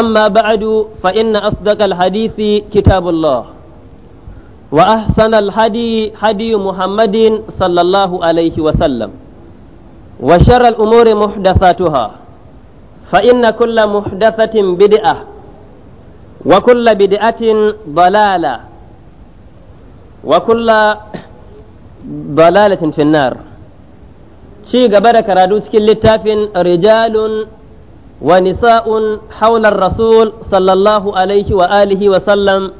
أما بعد فإن أصدق الحديث كتاب الله وأحسن الهدي هدي محمد صلى الله عليه وسلم وشر الأمور محدثاتها فإن كل محدثة بدعة وكل بدعة ضلالة وكل ضلالة في النار شيء قبل كرادوس كل رجال rasul sallallahu alaihi صلى الله عليه وآله وسلم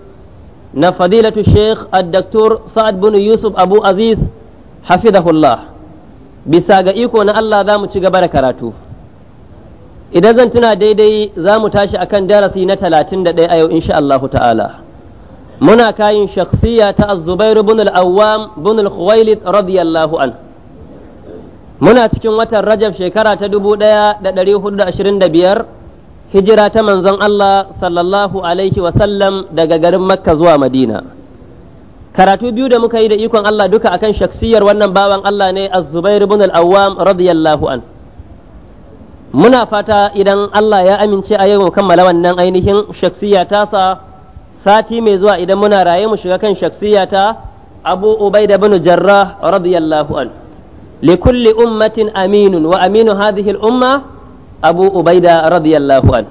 نفضيلة الشيخ الدكتور سعد بن يوسف أبو عزيز حفظه الله bisa ga iko na Allah za mu ci gaba da karatu idan zan tuna daidai za mu tashi akan darasi na talatin da ɗaya a yau insha allah ta'ala muna kayin shakhsiya ta az-Zubair ibn al-Awwam ibn al-Khuwailid radiyallahu anhu muna cikin watan rajab shekara ta dubu ɗaya da ɗari hudu da ashirin da biyar hijira ta manzon Allah sallallahu alaihi wasallam daga garin makka zuwa madina karatu biyu da muka yi da ikon Allah duka akan shaksiyar wannan bawan Allah ne a zubair ibn al-awwam radiyallahu an muna fata idan Allah ya amince a yau kammala wannan ainihin shaksiya tasa sati mai zuwa idan muna raye mu shiga kan shaksiya ta Abu Ubaida bin Jarrah radiyallahu anhu likulli ummatin aminun wa aminu hadhihi al-umma abu ubaida radiyallahu an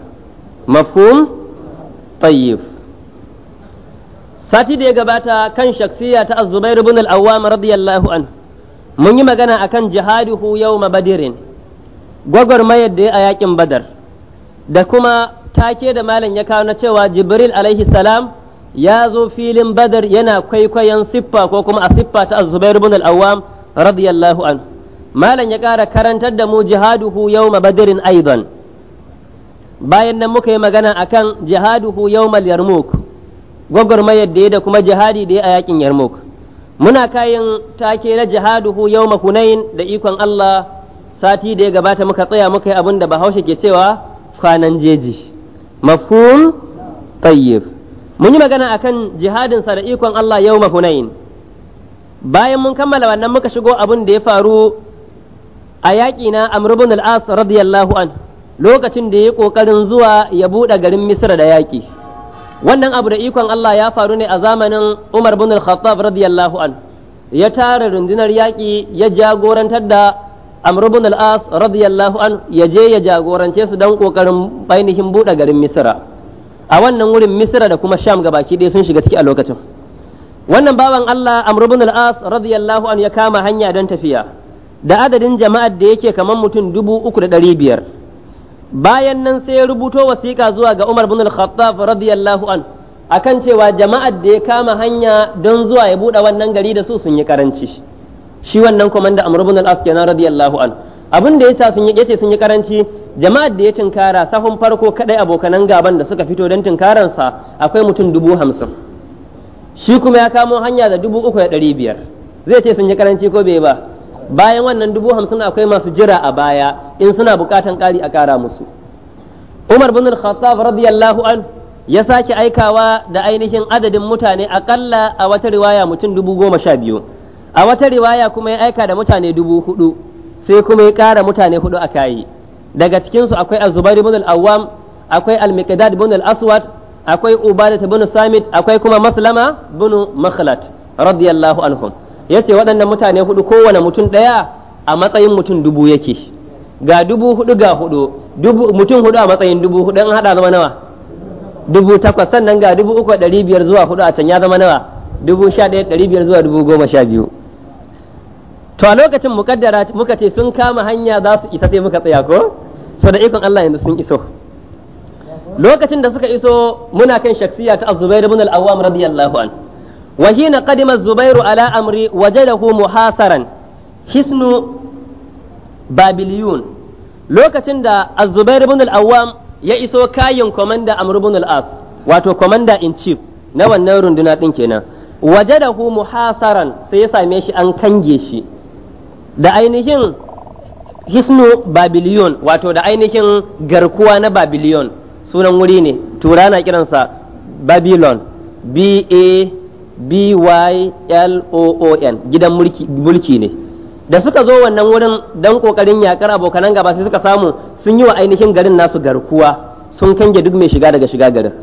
mafhum sati da ya gabata kan shaksiya ta az-zubair ibn al-awwam radiyallahu an mun yi magana akan jihaduhu yawma badirin gwagwarmayar da ya a yakin badar da kuma take da malam ya kawo cewa jibril alaihi salam ya zo filin badar yana kwaikwayon siffa ko kuma a siffa ta az-zubair ibn al-awwam radiyallahu an malam ya kara karantar da mu jihaduhu yawma badrin aidan bayan nan muka yi magana akan jihaduhu yawmal yarmuk gwagwarmayar da da kuma jihadi da ya a yakin yarmuk muna kayan take na jihaduhu yawma hunain da ikon Allah sati da ya gabata muka tsaya muka yi abin bahaushe ke cewa kwanan jeji mafhum tayyib mun yi magana akan jihadinsa da ikon Allah yawma hunain bayan mun kammala wannan muka shigo abin da ya faru a yaƙi na Amr al'as radiyallahu an lokacin da ya ƙoƙarin zuwa ya buɗe garin Misra da yaƙi wannan abu da ikon Allah ya faru ne a zamanin Umar bin al-Khattab radiyallahu an ya tara rundunar yaƙi ya jagorantar da Amr al'as as radiyallahu an ya je ya jagorance su don ƙoƙarin ainihin buɗe garin misira. a wannan wurin misira da kuma Sham gabaki ɗaya sun shiga ciki a lokacin wannan bawan Allah Amr ibn al-As radiyallahu an ya kama hanya don tafiya da adadin jama'ar da yake kamar mutum dubu uku da ɗari biyar bayan nan sai ya rubuto wasiƙa zuwa ga Umar ibn al-Khattab radiyallahu an akan cewa jama'ar da ya kama hanya don zuwa ya buɗe wannan gari da su sun yi karanci shi wannan komanda Amr ibn al-As kenan radiyallahu an abin da yasa sun yace sun yi karanci jama'ar da ya tinkara, sahun farko kadai abokanan gaban da suka fito don tinkararsa akwai mutum dubu hamsin shi kuma ya kamo hanya da dubu uku da ɗari biyar zai ce sun yi karanci ko bai ba bayan wannan dubu hamsin akwai masu jira a baya in suna bukatan ƙari a ƙara musu umar bin al-khattab radiyallahu an ya sake aikawa da ainihin adadin mutane akalla a wata riwaya mutum dubu goma sha biyu a wata riwaya kuma ya aika da mutane dubu hudu sai kuma ya ƙara mutane hudu a kayi daga cikinsu akwai azubari bin al-awwam akwai al-miqdad bin al-aswad akwai ubadata bin samit akwai kuma maslama bin makhlat radiyallahu anhum yace waɗannan mutane hudu kowane mutum ɗaya a matsayin mutum dubu yake ga dubu hudu ga hudu mutum hudu a matsayin dubu hudu an hada zama nawa dubu takwas sannan ga dubu uku ɗari biyar zuwa hudu a can ya zama nawa dubu sha ɗaya ɗari biyar zuwa dubu goma sha biyu to a lokacin mukaddara muka ce sun kama hanya za su isa sai muka tsaya ko so da ikon Allah yanzu sun iso lokacin da suka iso muna kan shaksiya ta az-zubair ibn al-awwam radiyallahu an wa hina qadima az ala amri wajadahu muhasaran hisnu babiliyun lokacin da zubair ibn al-awwam ya iso kayin komanda amr ibn al-as wato komanda in chief na wannan runduna din kenan wajadahu muhasaran sai ya same shi an kange shi da ainihin hisnu babiliyon wato da ainihin garkuwa na babiliyon sunan wuri ne tura na kiransa babylon b a b y l o o n gidan mulki ne da suka zo wannan wurin don kokarin yakar abokanan gaba sai suka samu sun yi wa ainihin garin nasu garkuwa sun kange duk mai shiga daga shiga garin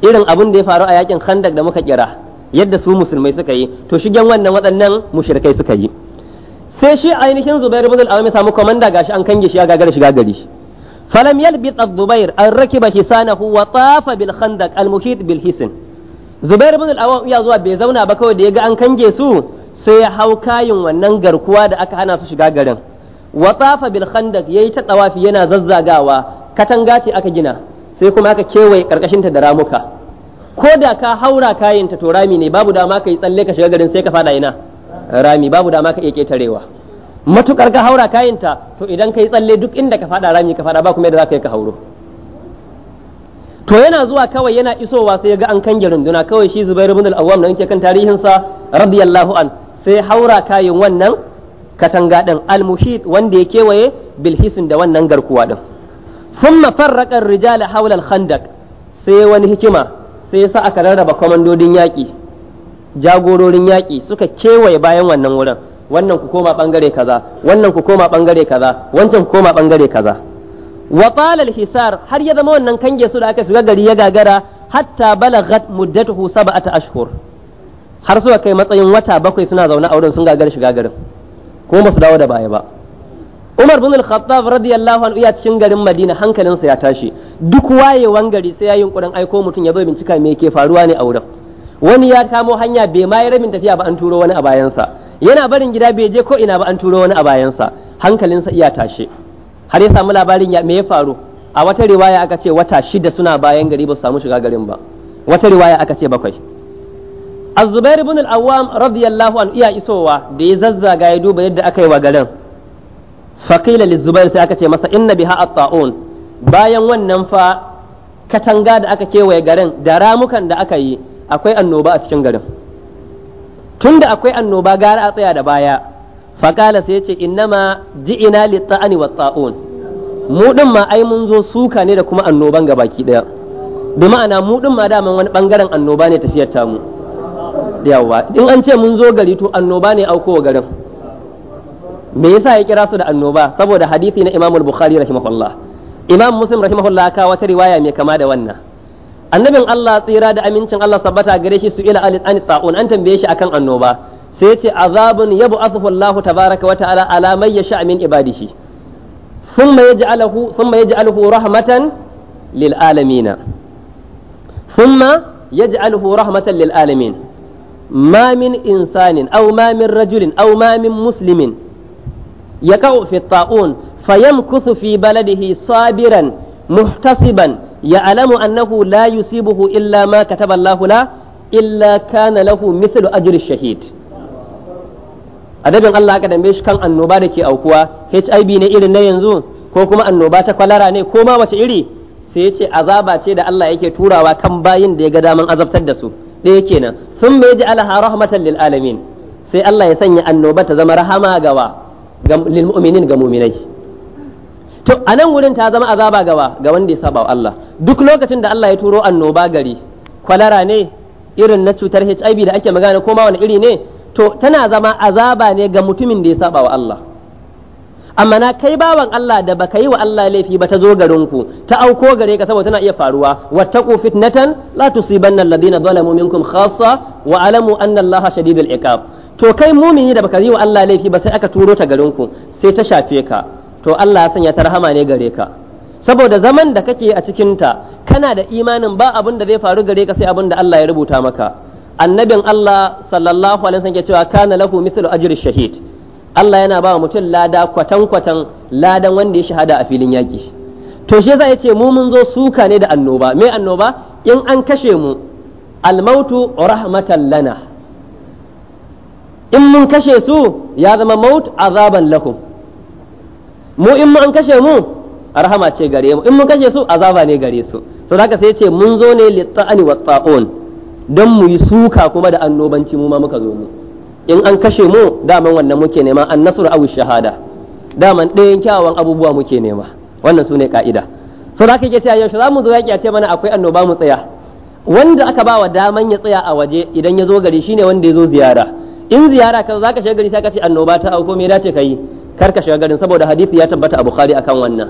irin abin da ya faru a yakin khandak da muka kira yadda su musulmai suka yi to shigen wannan waɗannan mushrikai suka yi sai shi ainihin Zubairu bin al-awam ya samu komanda gashi an kange shi ya gagara shiga gari falam yalbit zubair an rakiba hisanahu wa Watsafa, bil al muhid bil hisn zubair ibn al uya zuwa bai zauna ba kawai da ya ga an kange su sai ya hau kayin wannan garkuwa da aka hana su shiga garin wa tafa bil khandaq yayi ta tsawafi yana zazzagawa katanga ce aka gina sai kuma aka kewaye karkashin ta da ramuka ko da ka haura kayanta to rami ne babu dama ka yi tsalle ka shiga garin sai ka fada ina rami babu dama ka iya ƙetarewa. matukar ka haura kayinta to idan kai tsalle duk inda ka fada rami ka fada ba kuma yadda zaka yi ka hauro to yana zuwa kawai yana isowa sai ya ga an kange runduna kawai shi Zubair ibn al-Awwam da kan tarihin sa radiyallahu an sai haura kayin wannan katanga din al-muhit wanda ya kewaye bilhisin da wannan garkuwa din thumma farraqa ar-rijal hawla al-khandaq sai wani hikima sai sa aka rarraba komandodin yaki jagororin yaki suka kewaye bayan wannan wurin wannan ku koma bangare kaza wannan ku koma bangare kaza wancan ku koma bangare kaza wa al hisar har ya zama wannan kange su da aka shiga gari ya gagara hatta balagat muddatuhu sab'ata ashhur har suka kai matsayin wata bakwai suna zaune a wurin sun gagara shiga garin kuma ba dawo da baya ba Umar bin Al-Khattab radiyallahu anhu ya cikin garin Madina hankalinsa ya tashi duk wayewan gari sai ya yi yunkurin aiko mutum ya zo bincika me ke faruwa ne a wurin wani ya kamo hanya bai ma yi rabin tafiya ba an turo wani a bayansa yana barin gida bai je ko ina ba an turo wani a bayansa hankalinsa iya tashe har ya samu labarin ya me ya faru a wata riwaya aka ce wata shida suna bayan gari ba su samu shiga garin ba wata riwaya aka ce bakwai Az-Zubair ibn al-Awwam radiyallahu an iya isowa da ya zazzaga ya duba yadda aka yi wa garin faqila liz-Zubair sai aka ce masa inna biha at-ta'un bayan wannan fa katanga da aka kewaye garin da ramukan da aka yi akwai annoba a cikin garin tunda akwai annoba gara a tsaya da baya faƙala sai yace innama ji'ina litta'ani wa tsa'un mu din ma ai mun zo suka ne da kuma annoban baki daya bi ma'ana mu din ma daman wani bangaren annoba ne tafiyar mu yawa in an ce mun zo gari to annoba ne aukowa garin me yasa ya kira su da annoba saboda hadisi na Imam Bukhari rahimahullah Imam Muslim rahimahullah ka wata riwaya mai kama da wannan annabin Allah tsira da amincin Allah sabbata gare shi su ila an ta'un an tambaye shi akan annoba sai ce azabun yab'athuhu Allahu tabaraka wa ta'ala ala man yasha min ibadihi thumma yaj'aluhu thumma yaj'aluhu rahmatan lil alamin thumma yaj'aluhu rahmatan lil alamin ma min insanin aw ma min rajulin aw ma min muslimin yaqa'u fi ta'un fayamkuthu fi baladihi sabiran muhtasiban ya'lamu annahu la buhu illa ma kataba Allahu la illa kana lahu mithlu ajri shahid adabin Allah aka dambe shi kan annoba da ke aukuwa HIV ne irin na yanzu ko kuma annoba ta kwalara ne ko ma wace iri sai ya ce azaba ce da Allah yake turawa kan bayin da ya ga daman azabtar da su ɗaya kenan sun mai ji alaha rahmatan lil alamin sai Allah ya sanya annoba ta zama rahama gawa lil mu'minin ga mu'minai to a nan wurin ta zama azaba gaba ga wanda ya saba Allah duk lokacin da Allah ya turo annoba gari kwalara ne irin na cutar HIV da ake magana ko ma wani iri ne to tana zama azaba ne ga mutumin da ya saba wa Allah amma na kai bawan Allah da baka yi wa Allah laifi ba ta zo garin ku ta auko gare ka saboda tana iya faruwa wattaqu fitnatan la tusibanna alladhina zalamu minkum khassa wa alamu anna Allah shadidul iqab to kai mumini da baka yi wa Allah laifi ba sai aka turo ta garin ku sai ta shafe ka to Allah ya sanya ta rahama ne gare ka saboda zaman da kake a cikin ta kana da imanin ba abin da zai faru gare ka sai abin da Allah ya rubuta maka annabin Allah sallallahu alaihi wasallam ke cewa kana lahu mithlu ajri shahid Allah yana ba mutum lada kwatan kwatan ladan wanda ya shahada a filin yaki to shi yasa yace mu mun zo suka ne da annoba me annoba in an kashe mu almautu rahmatan lana in mun kashe su ya zama maut azaban lakum mu in mun kashe mu rahama ce gare mu in mun kashe su azaba ne gare su so haka sai ce mun zo ne litta'ani wa ta'un don mu yi suka kuma da annobanci mu ma muka zo mu in an kashe mu daman wannan muke nema an nasru aw shahada daman ɗayan kyawawan abubuwa muke nema wannan su ne ka'ida so haka ce cewa yaushe za mu zo yaki a ce mana akwai annoba mu tsaya wanda aka ba wa daman ya tsaya a waje idan ya zo gari shine wanda ya zo ziyara in ziyara ka za ka shiga gari sai ka ce annoba ta auko me dace ka yi kar ka shiga garin saboda hadisi ya tabbata a bukhari akan wannan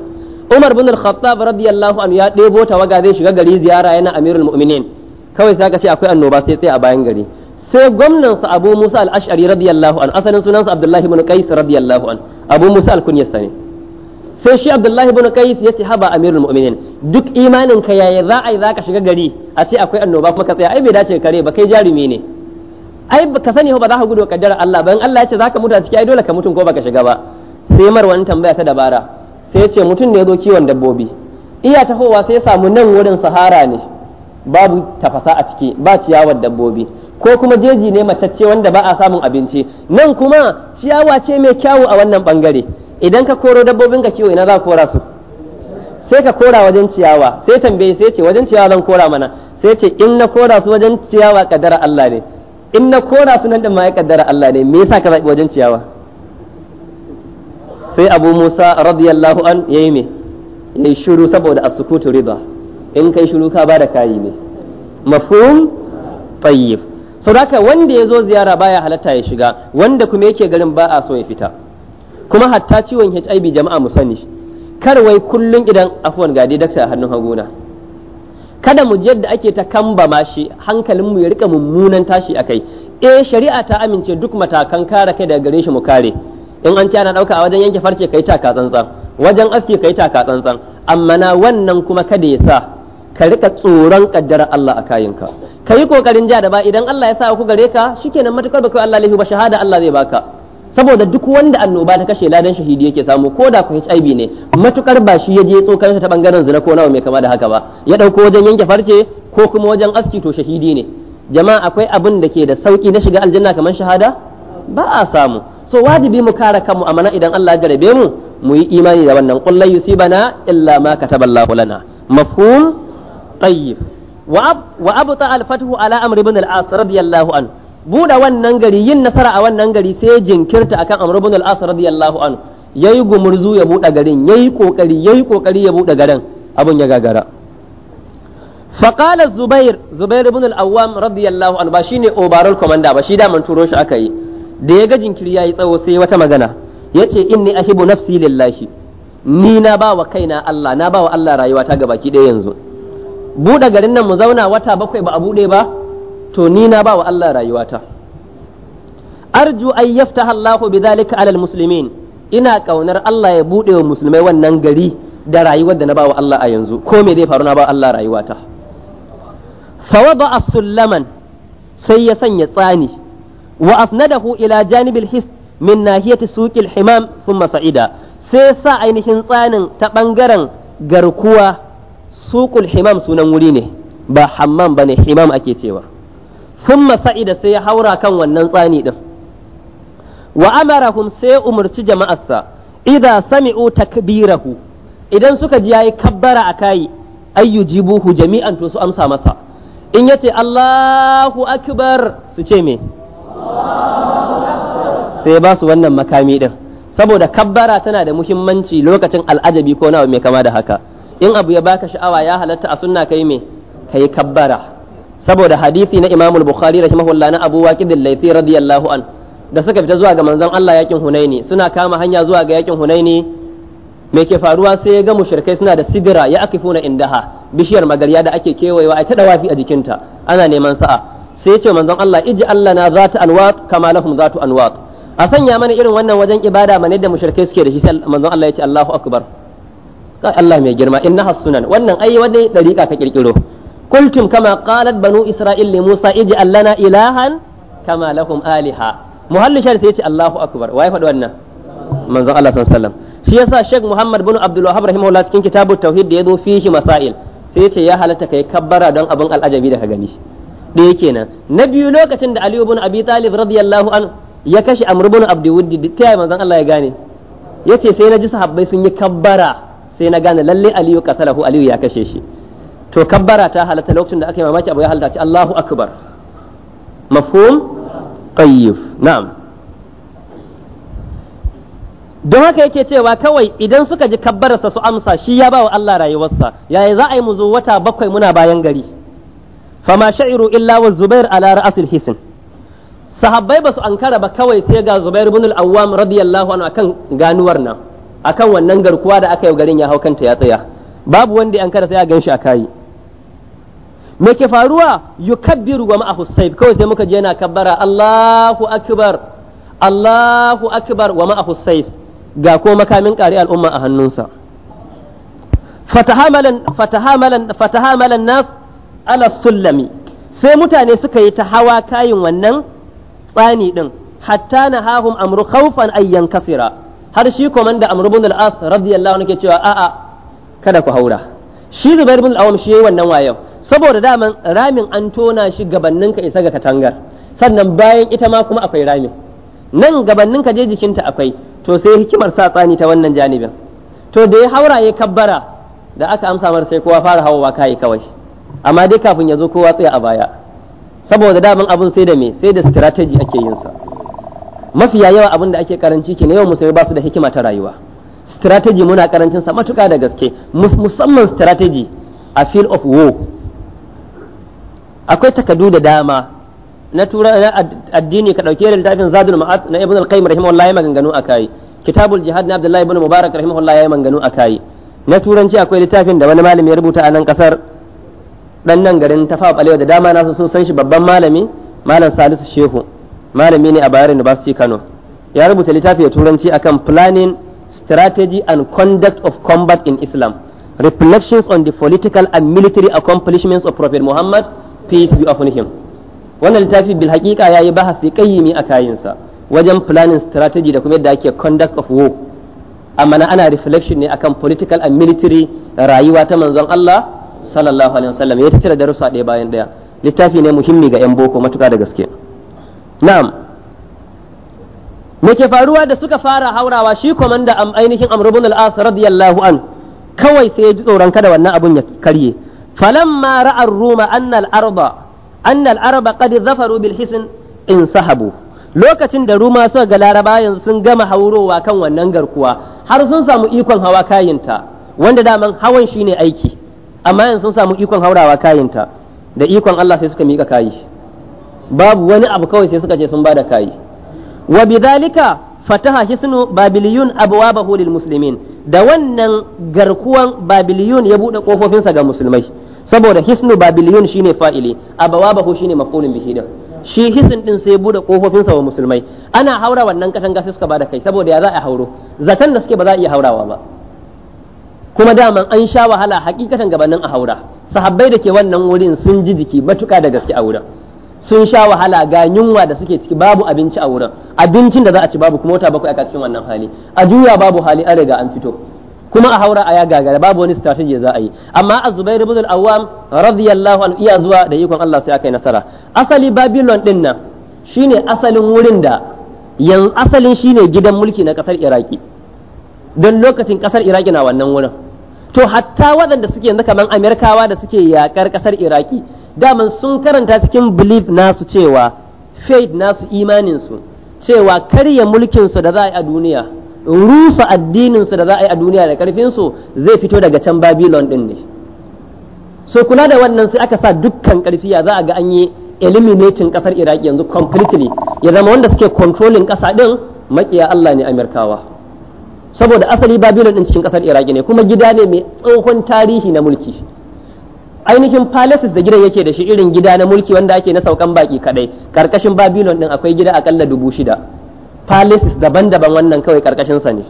umar bin al-khattab radiyallahu anhu ya debo tawaga zai shiga gari ziyara yana amirul mu'minin kawai sai ka ce akwai annoba sai tsaye a bayan gari sai gwamnan sa abu musa al-ash'ari radiyallahu anhu asalin sunansa abdullahi ibn qais radiyallahu anhu abu musa al-kunyas ne sai shi abdullahi ibn qais yace haba amirul mu'minin duk imanin ka yaya za a yi za ka shiga gari a ce akwai annoba kuma ka tsaya ai bai dace kare ba kai jarumi ne ai baka sani ba za ka gudu kaddara Allah ba in Allah ya ce zaka mutu a ciki ai dole ka mutu ko baka shiga ba sai mar wani tambaya ta dabara sai ya ce mutum ne ya zo kiwon dabbobi iya tahowa sai ya samu nan wurin sahara ne babu tafasa a ciki ba ciyawar dabbobi ko kuma jeji ne matacce wanda ba a samun abinci nan kuma ciyawa ce mai kyawu a wannan bangare idan ka koro dabbobin ka kiwo ina za ka kora su sai ka kora wajen ciyawa sai tambaye sai ce wajen ciyawa zan kora mana sai ce in na kora su wajen ciyawa kadara Allah ne in na kora sunan da ma kaddara Allah ne me yasa ka zaɓi wajen ciyawa sai abu musa radiyallahu an ya yi me ya yi saboda a sukutu riba in kai shiru ka bada kayi ne mafhum tayyib so haka wanda ya zo ziyara baya halatta ya shiga wanda kuma yake garin ba a so ya fita kuma hatta ciwon HIV jama'a mu sani kar wai kullun idan afwan gadi dakta a hannun haguna kada mu je yadda ake ta ma shi hankalin mu ya rika mummunan tashi a kai. eh shari'a ta amince duk matakan kare kai daga gare shi mu kare in an ci ana dauka a wajen yanke farce kai taka tsantsan wajen aski kai taka tsantsan amma na wannan kuma kada ya sa ka rika tsoron kaddara Allah a kayinka ka kokarin ja da ba idan Allah ya sa ku gare ka shikenan matukar kai Allah lahi ba shahada Allah zai baka saboda duk wanda annoba ta kashe ladan shahidi yake samu ko da ku HIV ne matukar ba shi ya je tsokan ta bangaren zina ko nawa mai kama da haka ba ya dauko wajen yanke farce ko kuma wajen aski to shahidi ne jama'a akwai abin da ke da sauki na shiga aljanna kamar shahada ba a samu so wajibi mu kare kanmu amana idan Allah ya garabe mu mu yi imani da wannan qul la yusibana illa ma kataballahu lana mafhum tayyib wa abta al-fathu ala amri ibn al-as radiyallahu anhu buɗe wannan gari yin nasara a wannan gari sai ya jinkirta akan Amr ibn al-As radiyallahu anhu yayi gumurzu ya buɗe garin yayi kokari yayi kokari ya buɗe garin abun ya gagara qala Zubair Zubair ibn al-Awwam radiyallahu anhu ba shine overall commander ba shi da man turo shi aka yi da ya ga jinkiri yayi tsawo sai wata magana yace inni ahibu nafsi lillahi ni na ba wa kaina Allah na ba wa Allah rayuwata gabaki ɗaya yanzu buɗe garin nan mu zauna wata bakwai ba a buɗe ba to ni na ba wa Allah rayuwata arju ay yaftaha Allah zalika alal muslimin ina kaunar Allah ya bude wa musulmai wannan gari da rayuwar da na ba wa Allah a yanzu ko me zai faru na ba Allah rayuwata fa wada as-sullaman sai ya sanya tsani wa afnadahu ila janibil his min nahiyati suqil himam thumma sa'ida sai sa ainihin tsanin ta bangaren garkuwa suqul himam sunan wuri ne ba hammam bane himam ake cewa thumma sa'ida sai ya haura kan wannan tsani din wa amarahum sai umurci jama'arsa idan sami'u takbirahu idan suka ji yayi kabbara akai buhu jami'an to su amsa masa in yace Allahu akbar su ce me sai ba su wannan makami din saboda kabbara tana da muhimmanci lokacin al'ajabi ko nawa mai kama da haka in abu ya baka sha'awa ya halatta a sunna kai me kai kabbara saboda hadisi na Imamul Bukhari rahimahullah na Abu Waqid al-Laythi radiyallahu an da suka fita zuwa ga manzon Allah yakin Hunaini suna kama hanya zuwa ga yakin Hunaini me ke faruwa sai ya ga mushrikai suna da sidira ya akifuna indaha bishiyar magarya da ake kewayewa ai ta dawafi a jikinta ana neman sa'a sai ya ce manzon Allah iji Allah na zata anwat kama lahum zatu anwat a sanya mana irin wannan wajen ibada mana da mushrikai suke da shi sai manzon Allah ya ce Allahu akbar Allah mai girma inna sunan wannan ai wani dariƙa ka kirkiro kultum kama qalat banu isra'il li musa ij'al lana ilahan kama lahum aliha muhallu sai yace Allahu akbar wai faɗi wannan manzon Allah sallallahu alaihi shi yasa Sheikh Muhammad bin Abdul Wahhab rahimahullah cikin kitabut tauhid da yazo fihi masail sai ya ce ya halatta kai kabbara don abun al'ajabi da ka gani ɗaya kenan na biyu lokacin da Ali ibn Abi Talib radiyallahu an ya kashe Amr ibn Abdul Wudd ta yaya manzon Allah ya gane yace sai na ji sahabbai sun yi kabbara sai na gane lalle Aliyu qatalahu Aliyu ya kashe shi to kabbara ta halatta lokacin da aka yi mamaki abu ya halatta Allahu akbar mafhum qayyif na'am don haka yake cewa kawai idan suka ji kabbararsa su amsa shi ya ba wa Allah rayuwarsa yaya za a yi mu zo wata bakwai muna bayan gari fama sha'iru illa wa zubair ala ra'asil hisin sahabbai basu ankara ba kawai sai ga zubair ibn al-awwam radiyallahu anhu akan ganuwar nan akan wannan garkuwa da aka yi garin ya hau kanta ya tsaya babu wanda ya ankara sai ya ganshi a kayi me ke faruwa yukabbiru wa ma'ahu sayf kawai sai muka je na kabbara Allahu akbar Allahu akbar wa ma'ahu ga ko makamin ƙari al'umma a hannunsa fatahamalan nas ala sullami sai mutane suka yi ta hawa kayin wannan tsani ɗin hatta na hahum amru khawfan ayyan kasira har shi komanda amru bin al-as radiyallahu anhu ke cewa a'a kada ku haura shi zubair bin awam shi yayi wannan wayan saboda daman ramin an tona shi gabannin ka isa ga katangar sannan bayan ita ma kuma akwai ramin nan gabannin ka je jikinta akwai to sai hikimar sa tsani ta wannan janibin to da ya haura ya kabbara da aka amsa mar sai kowa fara hawa kai kawai amma dai kafin ya zo kowa tsaya a baya saboda daman abun sai da me sai da strategy ake yin sa mafiya yawa abin da ake karanci ke ne yau musulmai ba su da hikima ta rayuwa strategy muna karancin sa matuƙa da gaske musamman strategy a field of war akwai takardu da dama na tura na addini ka dauke da littafin zadul ma'at na ibn al-qayyim rahimahullah ya maganganu akai kitabul jihad na abdullahi ibn mubarak rahimahullah ya maganganu akai na turanci akwai littafin da wani malami ya rubuta a nan kasar dan nan garin tafa balewa da dama na sun san shi babban malami malam salisu shehu malami ne a bayar university kano ya rubuta littafi da turanci akan planning strategy and conduct of combat in Islam, reflections on the political and military accomplishments of Prophet Muhammad, peace be upon him. Wannan littafi bil haƙiƙa ya yi bahasi ƙayyimi a kayansa wajen planning strategy da kuma yadda ake conduct of war. Amma na ana reflection ne akan political and military rayuwa ta manzon Allah sallallahu alaihi wasallam ya tattara darussa ɗaya bayan ɗaya. Littafi ne muhimmi ga 'yan boko matuƙa da gaske. Na'am. me ke faruwa da suka fara haurawa shi komanda am ainihin amr al-as radiyallahu an kawai sai ya ji tsoron kada wannan abun ya karye falamma ra'a ruma anna al-arba anna al-arba qad zafaru bil hisn in sahabu lokacin da ruma suka ga laraba yanzu sun gama haurowa kan wannan garkuwa har sun samu ikon hawa kayinta wanda daman hawan shine aiki amma yanzu sun samu ikon haurawa kayinta da ikon Allah sai suka mika kayi babu wani abu kawai sai suka ce sun bada kayi wa bidhalika fataha hisnu babiliyun abwabahu lil muslimin da wannan garkuwan babiliyun ya bude kofofinsa ga musulmai saboda hisnu babiliyun shine fa'ili abwabahu shine maf'ulun bihi da shi hisn din sai bude kofofinsa wa musulmai ana haura wannan katanga sai suka bada kai saboda ya za a hauro zaton da suke ba za a iya haurawa ba kuma daman an sha wahala hakikatan gabanin a haura sahabbai da ke wannan wurin sun ji jiki matuka da gaske a wurin sun sha wahala ga yunwa da suke ciki babu abinci a wurin abincin da za a ci babu kuma wata bakwai a cikin wannan hali a juya babu hali an riga an fito kuma a haura a ya gagara babu wani strategy za a yi amma a zubair ibn al-awwam radiyallahu anhu iya zuwa da ikon Allah sai aka yi nasara asali Babilon din nan shine asalin wurin da yanzu asalin shine gidan mulki na kasar iraki don lokacin kasar iraki na wannan wurin to hatta waɗanda suke yanzu kamar amerikawa da suke yakar kasar iraki daman sun karanta cikin belief nasu cewa faith nasu imaninsu cewa karya mulkinsu da za a yi a duniya rusa addininsu da za a yi a duniya da karfinsu zai fito daga can babylon din ne so kula da wannan sai aka sa dukkan karfi ya za a ga an yi eliminating kasar iraq yanzu completely ya zama wanda suke controlling kasa din makiya allah ne amirkawa saboda asali babylon din cikin kasar iraq ne kuma gida ne mai tsohon tarihi na mulki ainihin palaces da gidan yake da shi irin gida na mulki wanda ake na saukan baki kadai karkashin babylon din akwai gida akalla dubu shida palaces daban-daban wannan kawai karkashin sa ne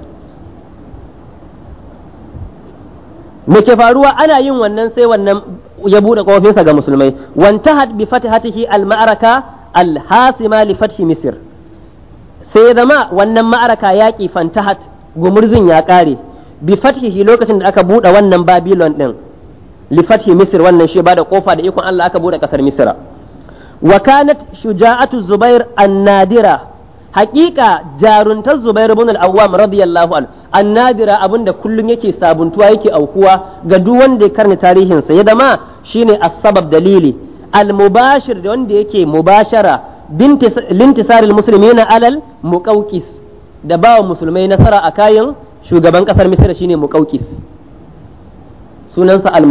me ke faruwa ana yin wannan sai wannan ya bude kofinsa ga musulmai had bi fatihatihi al-ma'araka al-hasima li fathi misr sai zama wannan ma'araka yaƙi fantahat gumurzin ya kare bi fathihi lokacin da aka buɗe wannan babilon ɗin li fathi misr wannan shi bada kofa da ikon Allah aka bude kasar misra wa kanat shuja'atu zubair an-nadira haqiqa jaruntar zubair ibn al-awwam radiyallahu anhu an-nadira abinda kullun yake sabuntuwa yake aukuwa ga duk wanda ya karni tarihin sa yadda ma shine asabab dalili al-mubashir da wanda yake mubashara lintisaril muslimina alal muqawqis da bawa musulmai nasara a kayan shugaban kasar misra shine muqawqis sunansa al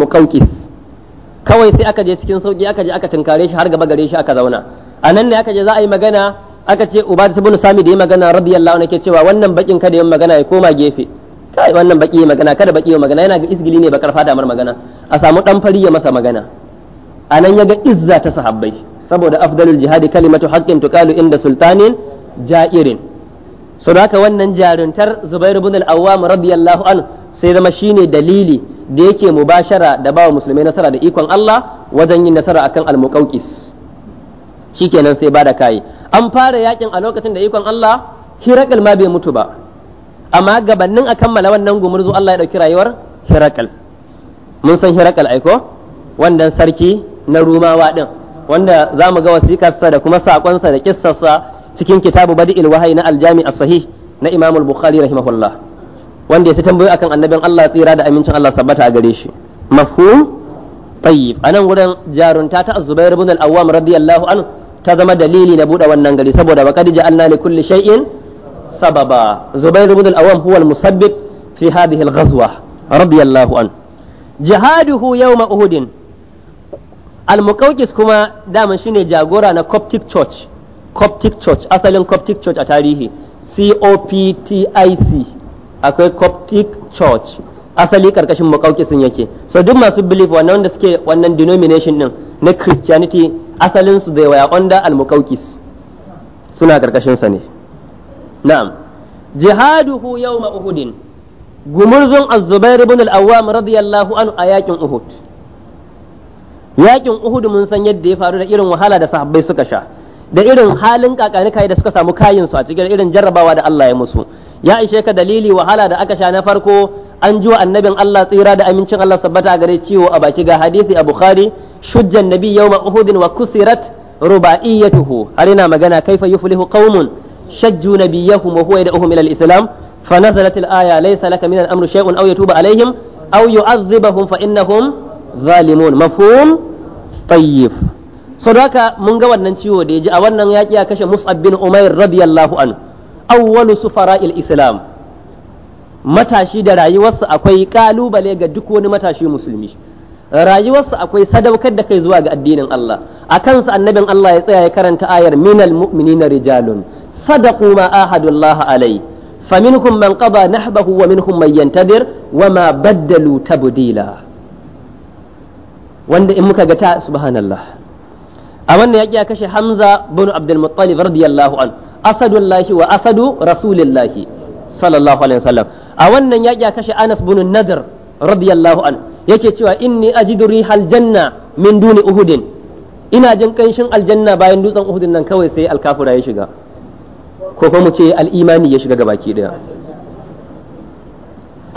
kawai sai aka je cikin sauki aka je aka tinkare shi har gaba gare shi aka zauna a nan ne aka je za a yi magana aka ce ta ibn sami da ya magana radiyallahu anhu ke cewa wannan bakin kada yin magana ya koma gefe kai wannan baki yin magana kada baki yin magana yana ga isgili ne bakar fada mar magana a samu dan fari ya masa magana a nan ya ga izza ta sahabbai saboda afdalul jihadi kalimatu haqqin tuqalu inda sultanin ja'irin so haka wannan jarintar zubairu bin al-awwam radiyallahu anhu sai zama shine dalili da yake mubashara da bawa musulmai nasara da ikon Allah wajen yin nasara akan al-muqawqis shikenan sai bada kai an fara yakin a lokacin da ikon Allah Hirakal ma bai mutu ba amma gabannin a kammala wannan gumurzu Allah ya dauki rayuwar Hirakal mun san Hirakal aiko wannan sarki na Rumawa din wanda za mu ga wasikarsa da kuma sakonsa da kissarsa cikin kitabu badi'il wahayi na al-jami' as-sahih na Imam al-Bukhari rahimahullah wanda ya ta tambayo akan annabin Allah tsira da amincin Allah sabbata a gare shi mafhum tayyib anan gurin jarunta ta Zubair ibn al-Awwam radiyallahu anhu ta zama dalili na buɗe wannan gari saboda wa qad ja'alna li kulli shay'in sababa Zubair ibn al-Awwam huwa al-musabbib fi hadhihi al-ghazwa radiyallahu anhu jihaduhu yawma uhudin al-muqawqis kuma daman shine jagora na Coptic Church Coptic Church asalin Coptic Church a tarihi C O P T I C akwai coptic church asali karkashin makaukisin yake so duk masu belief wannan wanda suke wannan denomination din na christianity asalin su da waya under al suna karkashin sa ne na'am jihaduhu yawma uhudin gumurzun az-zubair ibn al-awwam radiyallahu anhu a yakin uhud yakin uhud mun san yadda ya faru da irin wahala da sahabbai suka sha da irin halin kakani kai da suka samu kayin su a cikin irin jarrabawa da Allah ya musu ya ishe ka dalili wahala da aka sha na farko an ji wa annabin Allah tsira da amincin Allah sabbata a gare ciwo a baki ga hadisi a Bukhari shujjan nabi yawma uhudin wa kusirat rubaiyatuhu har yana magana kaifa yuflihu qaumun shajju nabiyahum wa huwa yad'uhum ila al-islam fa nazalat al-aya laysa laka min al-amri shay'un aw yatuba alaihim aw yu'adhibahum fa innahum zalimun mafhum tayyib so haka mun ga wannan ciwo da ya ji a wannan yaki ya kashe Mus'ab bin Umair radiyallahu anhu awwalu sufara'il islam matashi da rayuwarsa akwai kalubale ga duk wani matashi musulmi rayuwarsa akwai sadaukar da kai zuwa ga addinin Allah a kansa annabin Allah ya tsaya ya karanta ayar minal mu'minina rijalun sadaqu ma ahadullah alai faminhum man qada nahbahu wa minhum man yantadir wa ma baddalu tabdila wanda in muka ga ta subhanallah a wannan yaƙi ya kashe Hamza bunu Abdul Muttalib radiyallahu an asadullahi wa asadu rasulillahi sallallahu alaihi wasallam a wannan yaƙi ya kashe Anas bin Nadr radiyallahu an yake cewa inni ajidu rihal janna min duni uhudin ina jin kanshin aljanna bayan dutsen uhudin nan kawai sai alkafura ya shiga ko kuma mu ce al'imani ya shiga gabaki daya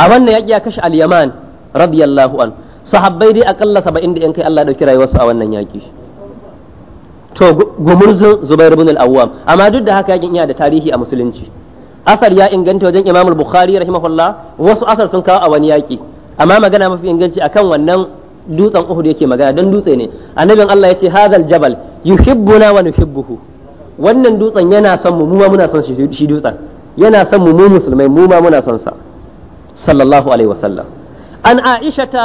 a wannan yaƙi ya kashe alyaman yaman radiyallahu an sahabbai dai akalla 70 da yan kai Allah ya dauki rayuwarsu a wannan yaƙi to gumurzun zubair ibn al-awwam amma duk da haka yakin iya da tarihi a musulunci asar ya inganta wajen imam al-bukhari rahimahullah wasu asar sun kawo a wani yaki amma magana mafi inganci akan wannan dutsen uhud yake magana dan dutse ne annabin Allah yace hadal jabal yuhibbuna wa nuhibbuhu wannan dutsen yana son mu mu ma muna son shi dutsen yana son mu mu musulmai mu ma muna son sa sallallahu alaihi wasallam an aisha ta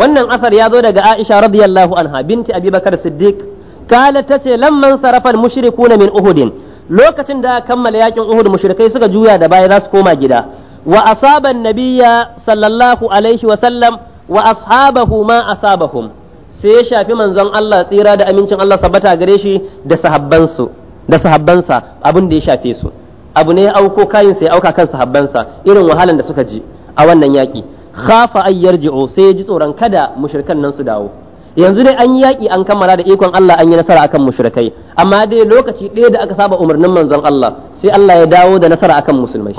wannan asar ya zo daga aisha radiyallahu anha binti abi bakar siddiq kala ta ce lamman sarafal na min uhudin lokacin da kammala yakin uhud mushrikai suka juya da baya za su koma gida wa asaban nabiyya sallallahu alaihi wa sallam wa ashabahu ma asabahum sai ya shafi manzon Allah tsira da amincin Allah sabbata gare shi da sahabbansu da sahabbansa abun da ya shafe su abu ne ya auko kayin sai ya auka kan sahabbansa irin wahalan da suka ji a wannan yaki khafa ayyarji'u sai ya ji tsoron kada mushrikan nan su dawo yanzu dai an yi yaƙi an kammala da ikon Allah an yi nasara akan mushrikai amma dai lokaci ɗaya da aka saba umarnin manzon Allah sai Allah ya dawo da nasara akan musulmai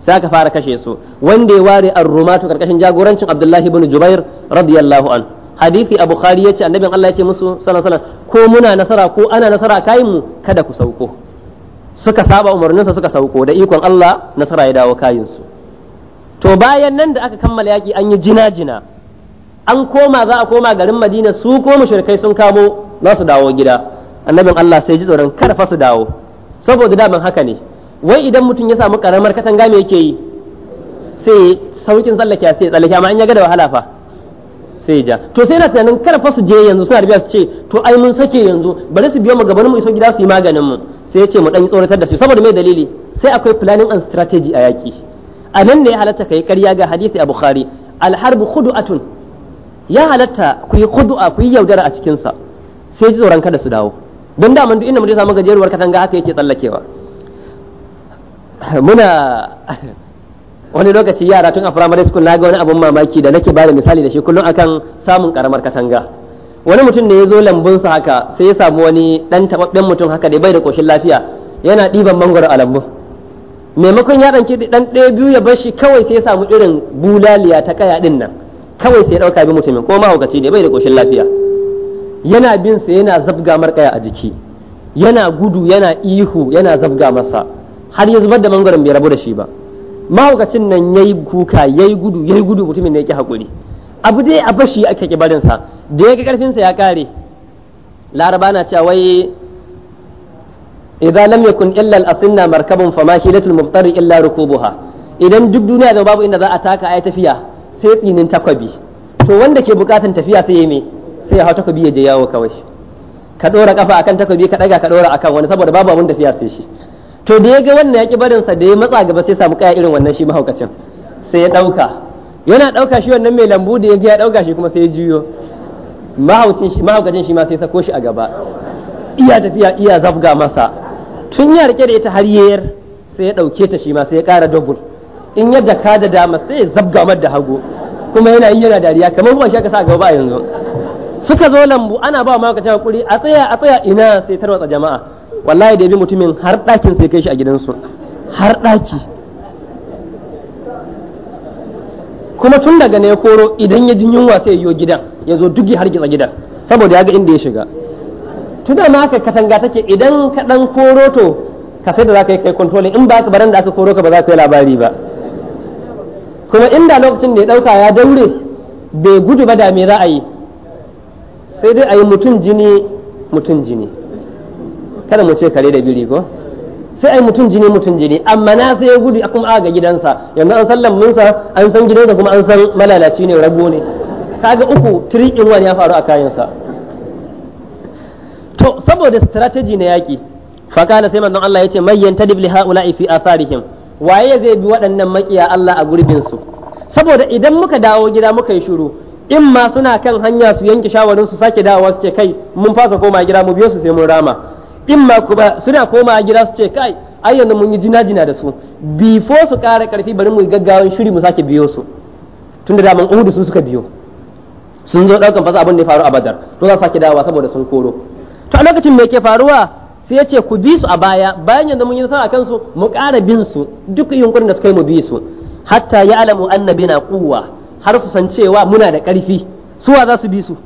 sai aka fara kashe su wanda ya ware ar-rumatu karkashin jagorancin Abdullahi ibn Jubair radiyallahu an hadisi a Bukhari yace annabin Allah yace musu sallallahu alaihi ko muna nasara ko ana nasara kayin mu kada ku sauko suka saba umarninsa suka sauko da ikon Allah nasara ya dawo kayin su to bayan nan da aka kammala yaƙi an yi jina-jina an koma za a koma garin madina su ko mushrikai sun kamo za su dawo gida annabin Allah sai ji tsoron karfa fa su dawo saboda daman haka ne wai idan mutum ya samu karamar katanga me yake yi sai saukin tsallake sai tsallake amma in ya ga da wahala fa sai ja to sai na tunanin karfa fa su je yanzu suna rubiya su ce to ai mun sake yanzu bari su biyo mu gaban mu iso gida su yi maganin mu sai ya ce mu dan tsoratar da su saboda mai dalili sai akwai planning and strategy a yaki a nan ne ya halatta kai karya ga hadisi a bukhari al-harbu khudu'atun ya halatta ku yi kudu'a ku yi yaudara a cikinsa, sai ji tsoron kada su dawo don da daman duk inda mutum samu gajeruwar katanga haka yake tsallakewa muna wani lokaci yara tun a primary school na ga wani abun mamaki da nake bada misali da shi kullum akan samun karamar katanga wani mutum ne ya zo lambunsa haka sai ya samu wani dan tababben mutum haka da bai da koshin lafiya yana ɗiban mangoro a lambu, maimakon ya ɗanki ɗan ɗaya biyu ya bar shi kawai sai ya samu irin bulaliya ta kaya ɗin nan kawai sai ya dauka bi mutumin ko mahaukaci ne bai da koshin lafiya yana bin sa yana zabga markaya a jiki yana gudu yana ihu yana zabga masa har ya zubar da mangoron bai rabu da shi ba mahaukacin nan yayi kuka yayi gudu yayi gudu mutumin ne yake hakuri abu dai a bashi ake kibarin sa da yake karfin sa ya kare laraba na cewa wai idan lam yakun illa al-asinna markabun ma hilatul mubtari illa rukubuha idan duk duniya da babu inda za a taka ai tafiya sai tsinin takwabi to wanda ke bukatan tafiya sai ya me sai ya hau takwabi ya je yawo kawai ka dora kafa akan takwabi ka daga ka dora akan wani saboda babu abun tafiya sai shi to da ya ga wannan ya ki barin sa da ya matsa gaba sai samu kaya irin wannan shi mahaukacin sai ya dauka yana dauka shi wannan mai lambu da ya ga ya dauka shi kuma sai ya juyo mahaucin shi mahaukacin shi ma sai sako shi a gaba iya tafiya iya zabga masa tun ya rike da ita har yayar sai ya dauke ta shi ma sai ya kara dubul in yadda ka da dama sai ya zabga mar da hagu kuma yana yi yana dariya kamar kuma shi aka sa gaba yanzu suka zo lambu ana ba ma kace hakuri a tsaya a tsaya ina sai tarwatsa jama'a wallahi da bi mutumin har ɗakin sai kai shi a gidansu har ɗaki kuma tun daga ne koro idan ya jin yunwa sai yiwo gidan ya zo duk har hargitsa gidan saboda ya ga inda ya shiga tun da maka katanga take idan ka dan koro to ka sai da za ka yi kai controlling in ba ka baran da aka koro ka ba za ka yi labari ba kuma inda lokacin da ya ɗauka ya daure bai gudu ba da me za yi sai dai a yi mutum jini mutum jini kada mu ce kare da biri ko sai a yi mutum jini mutum jini amma na sai ya gudu kuma aga gidansa yanzu an sallan munsa an san gidansa kuma an san malalaci ne rago ne kaga uku tiri in wani ya faru a kayansa to saboda strategy na yaki kana sai manzon Allah yace mayyan tadib li haula'i fi atharihim waye zai bi waɗannan makiya Allah a gurbin su saboda idan muka dawo gida muka yi shiru in ma suna kan hanya su yanke shawarin su sake dawowa su ce kai mun fasa koma gida mu biyo su sai mun rama in ma kuma suna koma gida su ce kai ai yanzu mun yi jina-jina da su bifo su ƙara ƙarfi bari mu gaggawan shiri mu sake biyo su tunda da mun uhudu sun suka biyo sun zo ɗaukan fasa abin da ya faru a badar to za su sake dawowa saboda sun koro to a lokacin me ke faruwa sai ya ce ku bi su a baya bayan yanzu mun yi nasara kan su mu ƙara bin su duk yunkurin da suka yi mu bi su hatta ya alamu annabi na kuwa har su san cewa muna da ƙarfi suwa za su bi su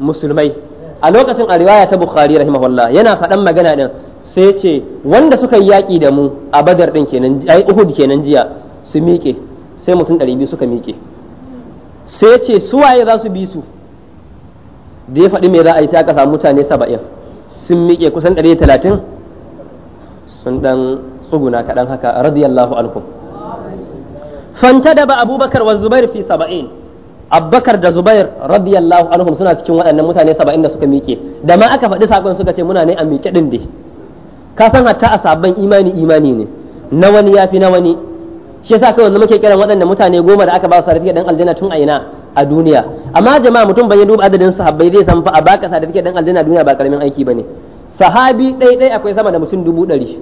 musulmai a lokacin a riwaya ta bukhari rahimahullah yana faɗan magana din sai ce wanda suka yi yaƙi da mu a badar ɗin kenan ai uhud kenan jiya su miƙe sai mutum ɗari biyu suka miƙe sai ce suwaye za su bi su da ya faɗi me za a yi sai aka samu mutane saba'in sun miƙe kusan talatin? sun ɗan tsuguna kaɗan haka radiyallahu anhum fanta da ba abubakar wa zubair fi saba'in abubakar da zubair radiyallahu anhum suna cikin waɗannan mutane saba'in da suka miƙe da ma aka faɗi saƙon suka ce muna ne a miƙe ɗin ka san hatta a sabon imani imani ne na wani ya fi na wani shi yasa kawai muke kiran waɗannan mutane goma da aka ba su sarfiya ɗan aljanna tun a ina a duniya amma jama'a mutum bai duba adadin sahabbai zai san fa a baka take dan aljanna duniya ba karamin aiki bane sahabi dai dai akwai sama da mutum dubu ɗari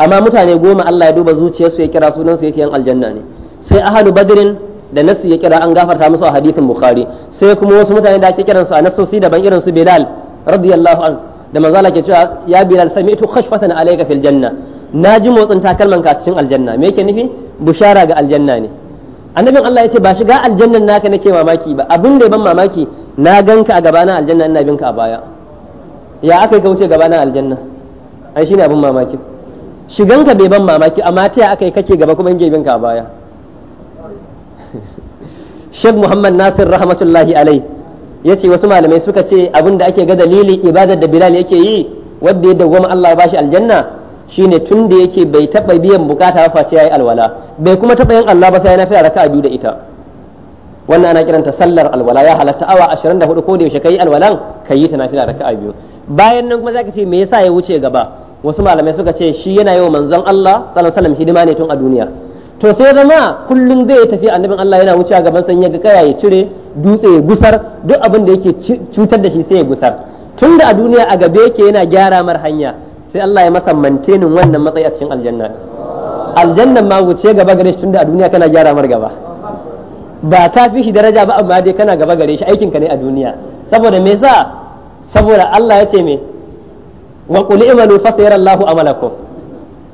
amma mutane goma Allah ya duba zuciyarsu ya kira sunan su yace yan aljanna ne sai ahlu badrin da nasu ya kira an gafarta musu a hadisin bukhari sai kuma wasu mutane da ake kiransu a sai daban irin su bilal radiyallahu an da manzo Allah ke cewa ya bilal sami'tu khashfatan alayka fil janna ji motsin takalman ka cikin aljanna me yake nufi bushara ga aljanna ne annabin Allah ya ce ba shiga aljannan naka nake mamaki ba abin da ban mamaki na ganka a gabana aljanna ina binka a baya ya aka yi ka wuce gabana aljanna ai shine abin mamaki shiganka bai ban mamaki amma ta ya aka yi kake gaba kuma in binka a baya Sheikh Muhammad Nasir rahmatullahi alai ya ce wasu malamai suka ce abin da ake ga dalili ibadar da Bilal yake yi wanda ya dawwama Allah ya bashi aljanna shine tun da yake bai taɓa biyan bukata ba face yayi alwala bai kuma taɓa yin Allah ba sai na nafi raka'a biyu da ita wannan ana kiranta sallar alwala ya halatta awa 24 ko da yaushe kai alwalan kai ta nafi raka'a biyu bayan nan kuma zaka ce me yasa ya wuce gaba wasu malamai suka ce shi yana yi wa manzon Allah sallallahu alaihi wasallam hidima ne tun a duniya to sai zama kullum zai tafi annabin Allah yana wuce gaban san ya ga kaya ya cire dutse ya gusar duk abin da yake cutar da shi sai ya gusar tun da a duniya a gabe yake yana gyara mar hanya sai Allah ya masa mantenin wannan matsayi a cikin aljanna aljannan ma wuce gaba gare shi tunda a duniya kana gyara mar gaba ba ka fi shi daraja ba amma dai kana gaba gare shi aikin ne a duniya saboda me yasa saboda Allah ya ce me wa qul i'malu fa sayarallahu amalakum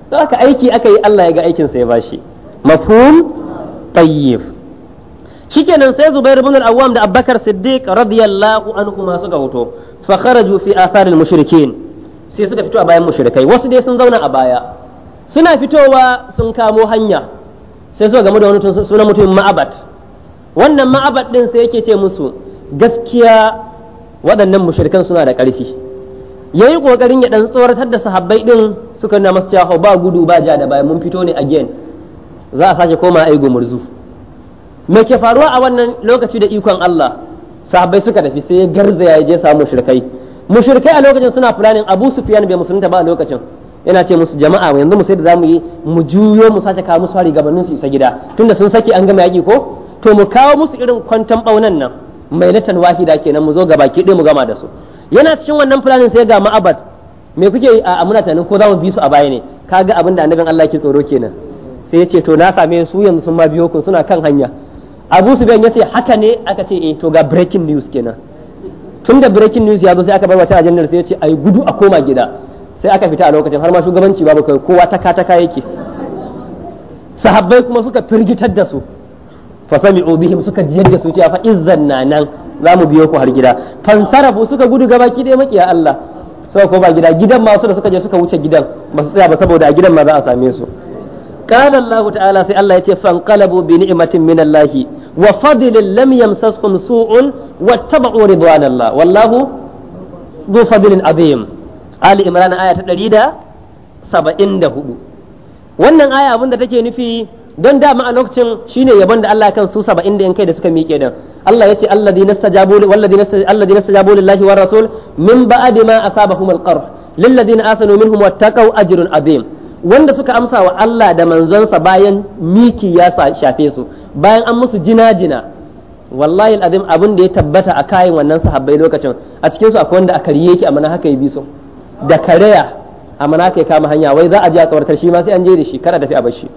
to aka aiki aka yi Allah ya ga aikin sa ya bashi mafhum tayyib shikenan sai Zubair ibn al-Awwam da Abubakar Siddiq radiyallahu anhu ma suka hoto fa kharaju fi atharil mushrikin sai suka fito a bayan mushrikai wasu dai sun zauna a baya suna fitowa sun kamo hanya sai suka gamu da wani sunan mutumin ma'abat wannan ma'abat din sai yake ce musu gaskiya waɗannan mushrikan suna da ƙarfi yayi kokarin ya dan tsoratar da sahabbai din suka na masu cewa ba gudu ba ja da baya mun fito ne again za a sake koma ai gumurzu me ke faruwa a wannan lokaci da ikon Allah sahabbai suka tafi sai ya garzaya ya je samu shirkai. mushrikai a lokacin suna fulanin abu sufyan bai musulunta ba a lokacin yana ce musu jama'a yanzu mu sai da zamu yi mu juyo mu sace kawo musu hari gabanin su isa gida tunda sun saki an gama yaki ko to mu kawo musu irin kwantan baunan nan mai latan wahida kenan mu zo gaba baki mu gama da su yana cikin wannan fulani sai ga ma'abad me kuke a amuna tanin ko zamu bi su a baya ne kaga abin da annabin Allah ke tsoro kenan sai ya ce to na same su yanzu sun ma biyo kun suna kan hanya Abu Sufyan ya ce haka ne aka ce eh to ga breaking news kenan tun da breaking news ya zo sai aka bar a ajandar sai ya ce ai gudu a koma gida sai aka fita a lokacin har ma shugabanci babu kai kowa kata ka yake sahabbai kuma suka firgitar da su fa sami bihim suka jiyar da su ce fa izzan na nan za mu biyo ku har gida fansarafu suka gudu gabaki ɗaya makiya Allah suka koma gida gidan masu da suka je suka wuce gidan ba su tsaya ba saboda a gidan ma za a same su قال الله تعالى سي الله يتي فانقلبوا بنعمة من الله وفضل لم يمسسهم سوء wattaba'u ridwanallah wallahu dhu fadlin azim ali imran aya ta 174 wannan aya da take nufi don dama a lokacin shine yabon da Allah kan su saba'in da yan kai da suka miƙe dan Allah yace alladhina istajabu walladhina alladhina istajabu lillahi war rasul min ba'di ma asabahum alqarh lilladhina asanu minhum wattaqu ajrun azim wanda suka amsa wa Allah da manzonsa bayan miki ya shafe su bayan an musu jina jina wallahi alazim abin da ya tabbata a kayan wannan sahabbai lokacin a cikin su akwai wanda a riye ki amana haka ya bi su da karaya amana haka ya kama hanya wai za a je a tsawartar shi ma sai an je da shi kada tafi a bashi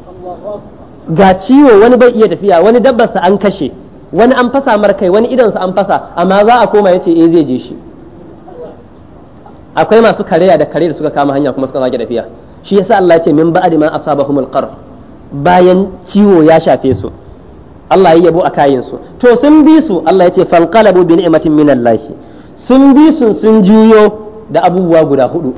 ga ciwo wani bai iya tafiya wani dabbar sa an kashe wani an fasa mar kai wani sa an fasa amma za a koma yace eh zai je shi akwai masu karaya da kare da suka kama hanya kuma suka zage tafiya shi yasa Allah ya ce min ba'di ma asabahumul qarr bayan ciwo ya shafe su Allah ya yabo a kayansu to sun bi su Allah ya ce fanqalabu bi ni'matin minallahi sun bi su sun juyo da abubuwa guda hudu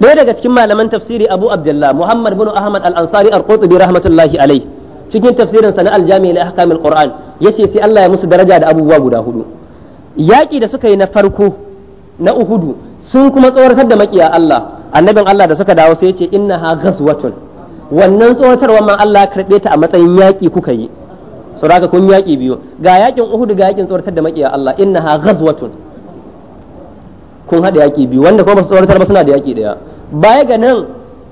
ɗaya daga cikin malaman tafsiri Abu Abdullah Muhammad bin Ahmad Al-Ansari Al-Qurtubi rahmatullahi alaihi cikin tafsirin sa na Al-Jami' li Ahkamil Qur'an yace sai Allah ya musu daraja da abubuwa guda hudu yaki da suka yi na farko na Uhudu sun kuma tsoratar da makiya Allah annabin Allah da suka dawo sai yace innaha ghazwatun wannan tsoratarwa ma Allah karbe ta a matsayin yaki kuka yi sauraka kun yaki biyu ga yakin Uhud ga yakin tsoratar da makiya Allah ha ghazwatun kun hada yaki biyu wanda kuma basu tsoratar ba suna da yaki daya baya ga nan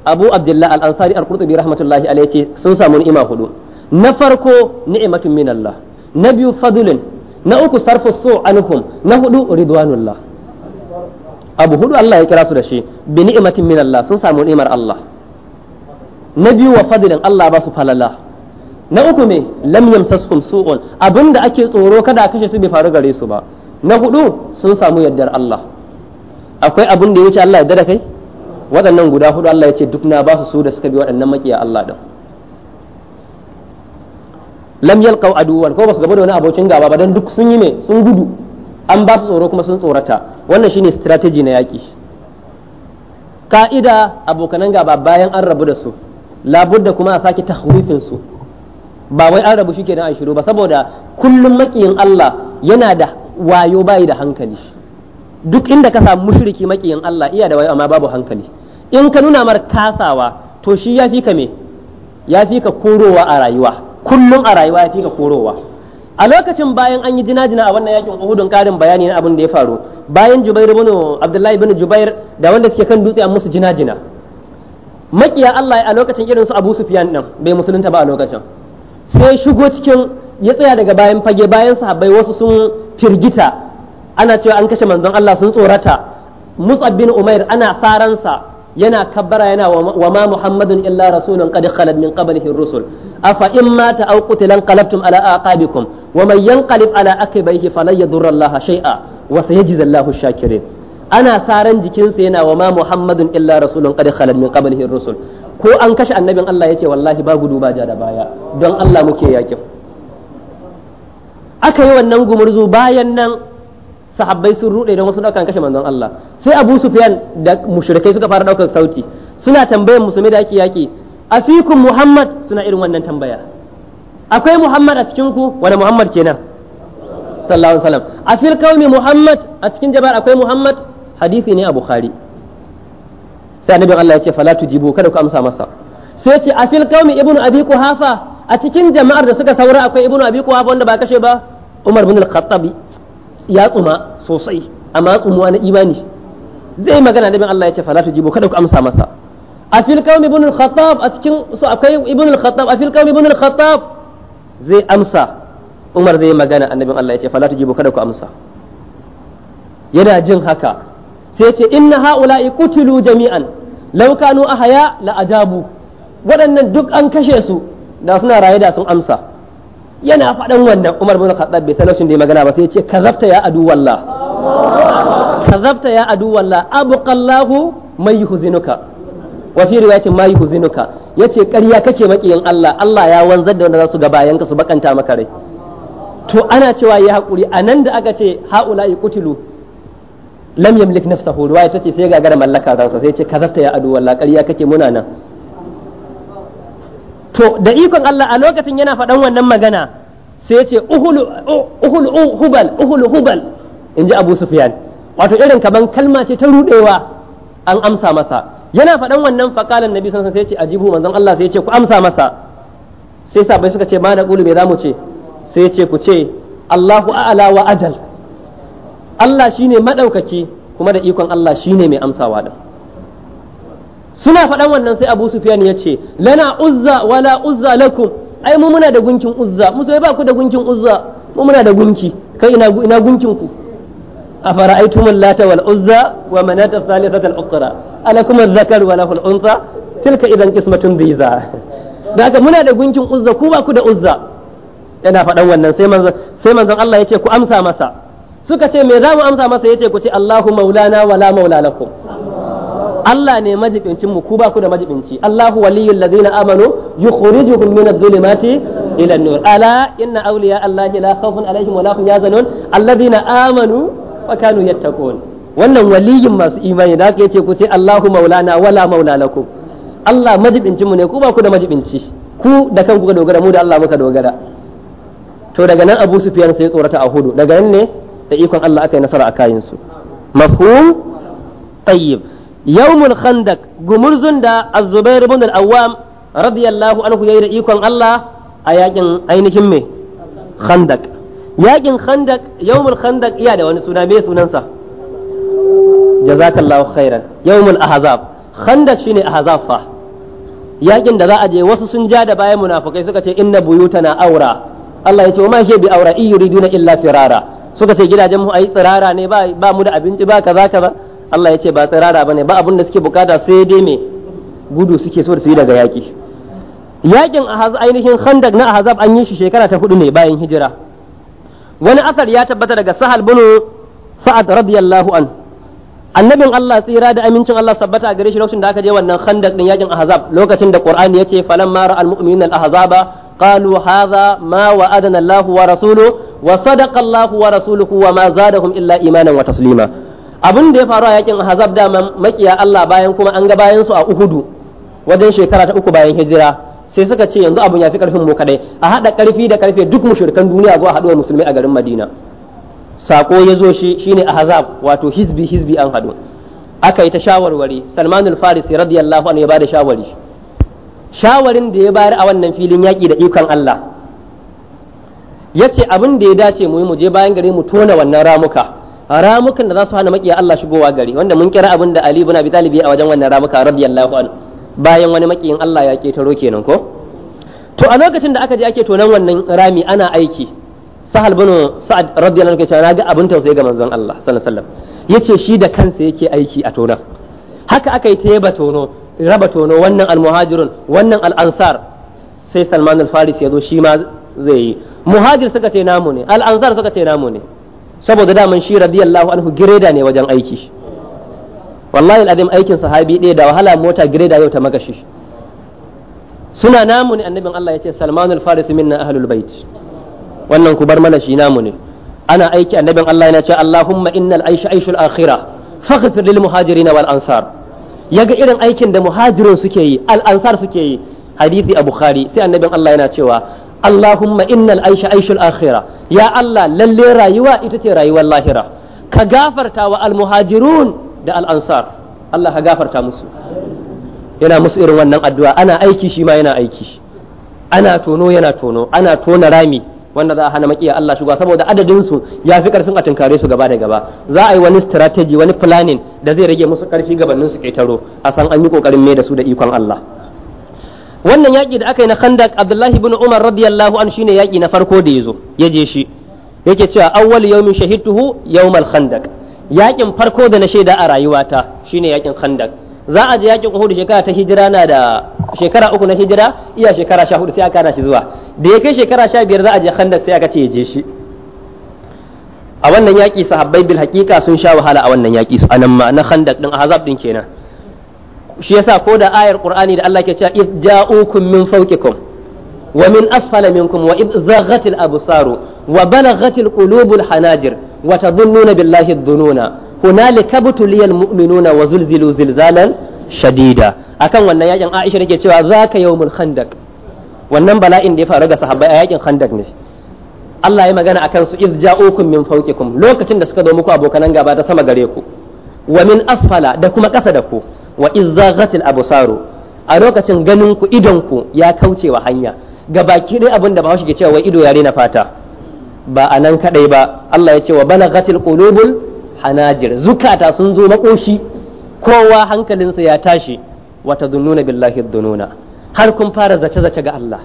Abu Abdullah Al-Ansari Al-Qurtubi rahmatullahi alayhi ce sun samu ni'ima hudu na farko ni'matun min Allah na biyu fadlun na uku sarfu su anhum na hudu ridwanullah abu hudu Allah ya kira su da shi bi ni'matin min Allah sun samu ni'imar Allah na biyu wa fadlin Allah ba su falala na uku me lam yamsaskum su'un abinda ake tsoro kada a kashe su bai faru gare su ba na hudu sun samu yardar Allah akwai abin da ya wuce Allah yarda da kai waɗannan guda hudu Allah ya ce duk na ba su su da suka bi waɗannan makiya Allah din lam yalqaw aduwan ko ba su gaba da wani abokin gaba ba dan duk sun yi ne sun gudu an ba su tsoro kuma sun tsorata wannan shine strategy na yaki ka'ida abokanan gaba bayan an rabu da su da kuma a sake tahwifin su ba wai an rabu shi kenan a shiru ba saboda kullum makiyin Allah yana da wayo bayi da hankali duk inda ka samu mushriki makiyin Allah iya da wayo amma babu hankali in ka nuna mar kasawa to shi ya fi ka me ya fi ka korowa a rayuwa kullum a rayuwa ya fi ka korowa a lokacin bayan an yi jina-jina a wannan yakin Uhudun karin bayani na abin da ya faru bayan Jubair bin Abdullahi bin Jubair da wanda suke kan dutse an musu jina-jina makiya Allah a lokacin irin su Abu sufiyan din bai musulunta ba a lokacin sai shigo cikin ya tsaya daga bayan fage bayan sahabbai wasu sun firgita ana cewa an kashe manzon Allah sun tsorata Mus'ab bin Umair ana saransa yana kabbara yana wa ma Muhammadun illa rasulun qad khalat min qablihi rusul afa in mata aw qutilan qalabtum ala aqabikum wa man yanqalib ala aqibaihi falan yadurra Allah shay'a wa sayajzi Allahu shakirin ana saran jikinsa yana wa ma muhammadun illa rasulun qad khalat min qablihi rusul ko an kashe annabin Allah yace wallahi ba gudu ba ja da baya don Allah muke yakin aka yi wannan gumurzu bayan nan sahabbai sun rude don wasu daukan kashe manzon Allah sai Abu Sufyan da mushrikai suka fara daukar sauti suna tambayar musulmi da yake yaki afikum Muhammad suna irin wannan tambaya akwai Muhammad a cikin ku wani Muhammad kenan sallallahu alaihi wasallam afil qaumi Muhammad a cikin jabar akwai Muhammad hadisi ne a bukhari sai annabin Allah ya ce fala tujibu kada ku amsa masa sai ce a fil qaumi ibnu abi quhafa a cikin jama'ar da suka saura akwai ibnu abi quhafa wanda ba kashe ba umar bin al-khattab ya tsuma sosai amma tsumuwa na imani zai magana annabin Allah ya ce fala tujibu kada ku amsa masa a fil qaumi ibnu al-khattab a cikin su akwai ibnu al-khattab a fil qaumi ibnu al-khattab zai amsa umar zai magana annabin Allah ya ce fala tujibu kada ku amsa yana jin haka sai ce inna ha'ula'i kutilu jami'an law kanu ahaya la ajabu waɗannan duk an kashe su da suna raye da sun amsa yana faɗan wannan Umar bin Khattab bai san da magana ba sai ya ce kazabta ya adu wallah kazabta ya adu wallah abqallahu mai yuhzinuka wa fi riwayatin mai yuhzinuka yace karya kake makiyin Allah Allah ya wanzar da wanda za su bayanka su bakanta maka rai to ana cewa ya haƙuri anan da aka ce ha'ula'i kutilu lam yamlik nafsahu ruwaya tace sai gagara mallaka kansa sai ce kazafta ya adu wallahi ƙarya kake muna nan to da ikon Allah a lokacin yana faɗan wannan magana sai ce uhulu uhul hubal uhulu hubal inji Abu Sufyan wato irin kaman kalma ce ta rudewa an amsa masa yana faɗan wannan faqalan nabi sallallahu alaihi wasallam sai ce ajibu manzon Allah sai ce ku amsa masa sai sabai suka ce ma na qulu me zamu ce sai ce ku ce Allahu a'ala wa ajal Allah shi ne maɗaukaki, kuma da ikon Allah shi ne mai amsawa din suna faɗan wannan sai Abu sufiyan ya ce lana uzza wala uzza lakum ai mu muna da gunkin uzza mu sai ba ku da gunkin uzza mu muna da gunki kai ina ina gunkin ku أفرأيتم اللات والعزى ومناة الثالثة الأخرى ألكم الذكر وله الأنثى tilka إذا قسمة ضيزى ذاك muna da gunkin uzza ku ba ku da uzza yana faɗan wannan sai manzon Allah ya ce ku amsa masa suka ce me za mu amsa masa ya ce ku ce Allahu maulana wala maula lakum Allah ne majibincin mu ku ba ku da majibinci Allahu waliyul ladina amanu yukhrijuhum min adh-dhulumati ila an-nur ala inna awliya Allahi la khawfun alaihim wa la hum yahzanun alladhina amanu wa kanu yattaqun wannan waliyin masu imani da ka ce ku ce Allahu maulana wala maula lakum Allah majibincin mu ne ku ba ku da majibinci ku da kanku ka dogara mu da Allah muka dogara to daga nan Abu Sufyan sai tsorata a hudu daga nan ne da ikon Allah aka yi nasara a kayansu mafhum tayyib yawmul khandaq gumurzun da az-zubair ibn al-awwam radiyallahu anhu yayi da ikon Allah a yakin ainihin me khandaq yakin khandaq yawmul khandaq iya da wani suna me sunansa jazakallahu khairan yawmul ahzab khandaq shine ahzab fa yakin da za a je wasu sun ja da bayan munafikai suka ce inna buyutana aura Allah ya ce wa ma hiya bi aura in yuriduna illa firara suka ce gidajen mu ayi tsirara ne ba mu da abinci ba kaza kaza Allah ya ce ba tsirara bane ba abin da suke bukata sai dai me gudu suke so da su yi daga yaki yakin ahaz ainihin khandak na ahzab an yi shi shekara ta hudu ne bayan hijira wani asar ya tabbata daga sahal bin sa'ad radiyallahu an annabin Allah tsira da amincin Allah sabbata gare shi lokacin da aka je wannan khandak din yakin ahzab lokacin da qur'ani ce falamma ra'al mu'minina al-ahzaba قالوا هذا ما وعدنا الله ورسوله وصدق الله ورسوله وما زادهم الا ايمانا وتسليما abin da ya faru a yakin hazab da makiya Allah bayan kuma an ga bayan su a Uhudu wajen shekara ta uku bayan hijira sai suka ce yanzu abun ya fi karfin mu kadai a hada karfi da karfe duk mushrikan duniya zuwa haduwa musulmi a garin Madina sako ya zo shi shine ahzab wato hizbi hizbi an hadu aka yi ta shawarwari Salmanul Farisi radiyallahu anhu ya bada shawari shawarin da ya bayar a wannan filin yaƙi da ikon Allah ya ce abin da ya dace mu yi mu je bayan gari mu tona wannan ramuka ramukan da za su hana maƙiya Allah shigowa gari wanda mun kira abin da Ali ibn Abi Talib a wajen wannan ramuka radiyallahu anhu bayan wani maƙiyin Allah ya ke taro kenan ko to a lokacin da aka je ake tonan wannan rami ana aiki sahal bin sa'ad radiyallahu anhu ya ga abin tausayi ga manzon Allah sallallahu alaihi wasallam yace shi da kansa yake aiki a tonan haka aka yi ta yaba tono raba tono wannan almuhajirun wannan al'ansar sai salman al-faris ya zo shi ma zai yi muhajir suka ce namu ne al'ansar suka ce namu ne saboda daman shi radiyallahu anhu gireda ne wajen aiki wallahi al'adim aikin sahabi ɗaya da wahala mota gireda yau ta makashi suna namu ne annabin Allah ya ce salman al-faris minna ahlul bait wannan ku bar mana shi namu ne ana aiki annabin Allah yana ce Allahumma innal aisha aishul akhirah faghfir lil muhajirin wal ansar Ya ga irin aikin da muhajirun suke yi al'ansar suke yi hadisi a bukhari sai annabin Allah yana cewa Allahumma innal aisha aishul akhirah ya Allah lalle rayuwa ita ce rayuwar lahira ka gafarta wa al da al'ansar. ansar Allah ka gafarta musu yana musu irin wannan addu'a ana aiki shi ma yana aiki ana tono yana tono ana tona rami wanda za a hana makiya Allah shiga saboda adadin su ya fi karfin a tunkare su gaba da gaba za a yi wani strategy wani planning da zai rage musu karfi gabanin su ketaro a san an yi kokarin mai da su da ikon Allah wannan yaƙi da aka yi na Khandaq Abdullahi ibn Umar radiyallahu an shine yaƙi na farko da zo ya je shi yake cewa awwal yawmin shahidtuhu yawmal Khandaq yaƙin farko da na shaida a rayuwata shine yaƙin Khandaq za a je yakin Uhud shekara ta hijira na da shekara uku na hijira iya shekara sha hudu sai aka hana shi zuwa da ya kai shekara sha biyar za a je Khandaq sai aka ce ya je shi a wannan yaƙi sahabbai bil hakika sun sha wahala a wannan yaƙi a nan ma na Khandaq din Ahzab din kenan shi yasa ko da ayar Qur'ani da Allah ke cewa id ja'ukum min fawqikum wa min asfala minkum wa id zaghatil absaru wa balaghatil qulubul hanajir wa tadhunnuna billahi dhununa hunalika butuliyal mu'minuna wa zulzilu zilzalan shadida akan wannan yakin Aisha take cewa zaka yawmul khandaq wannan bala'in da ya faru ga sahabbai a yakin khandaq ne Allah ya magana akan su iz ja'ukum min fawqikum lokacin da suka zo muku abokanan gaba ta sama gare ku wa min asfala da kuma kasa da ku wa iz zaghatil absaru a lokacin ganin ku idon ku ya kaucewa hanya ga baki dai abin da Bahaushe ke cewa wai ido yare na fata ba a nan kadai ba Allah ya ce wa balaghatil qulubul hanajir zukata sun zo makoshi kowa hankalinsa ya tashi wata dununa billahi dununa har kun fara zace-zace ga Allah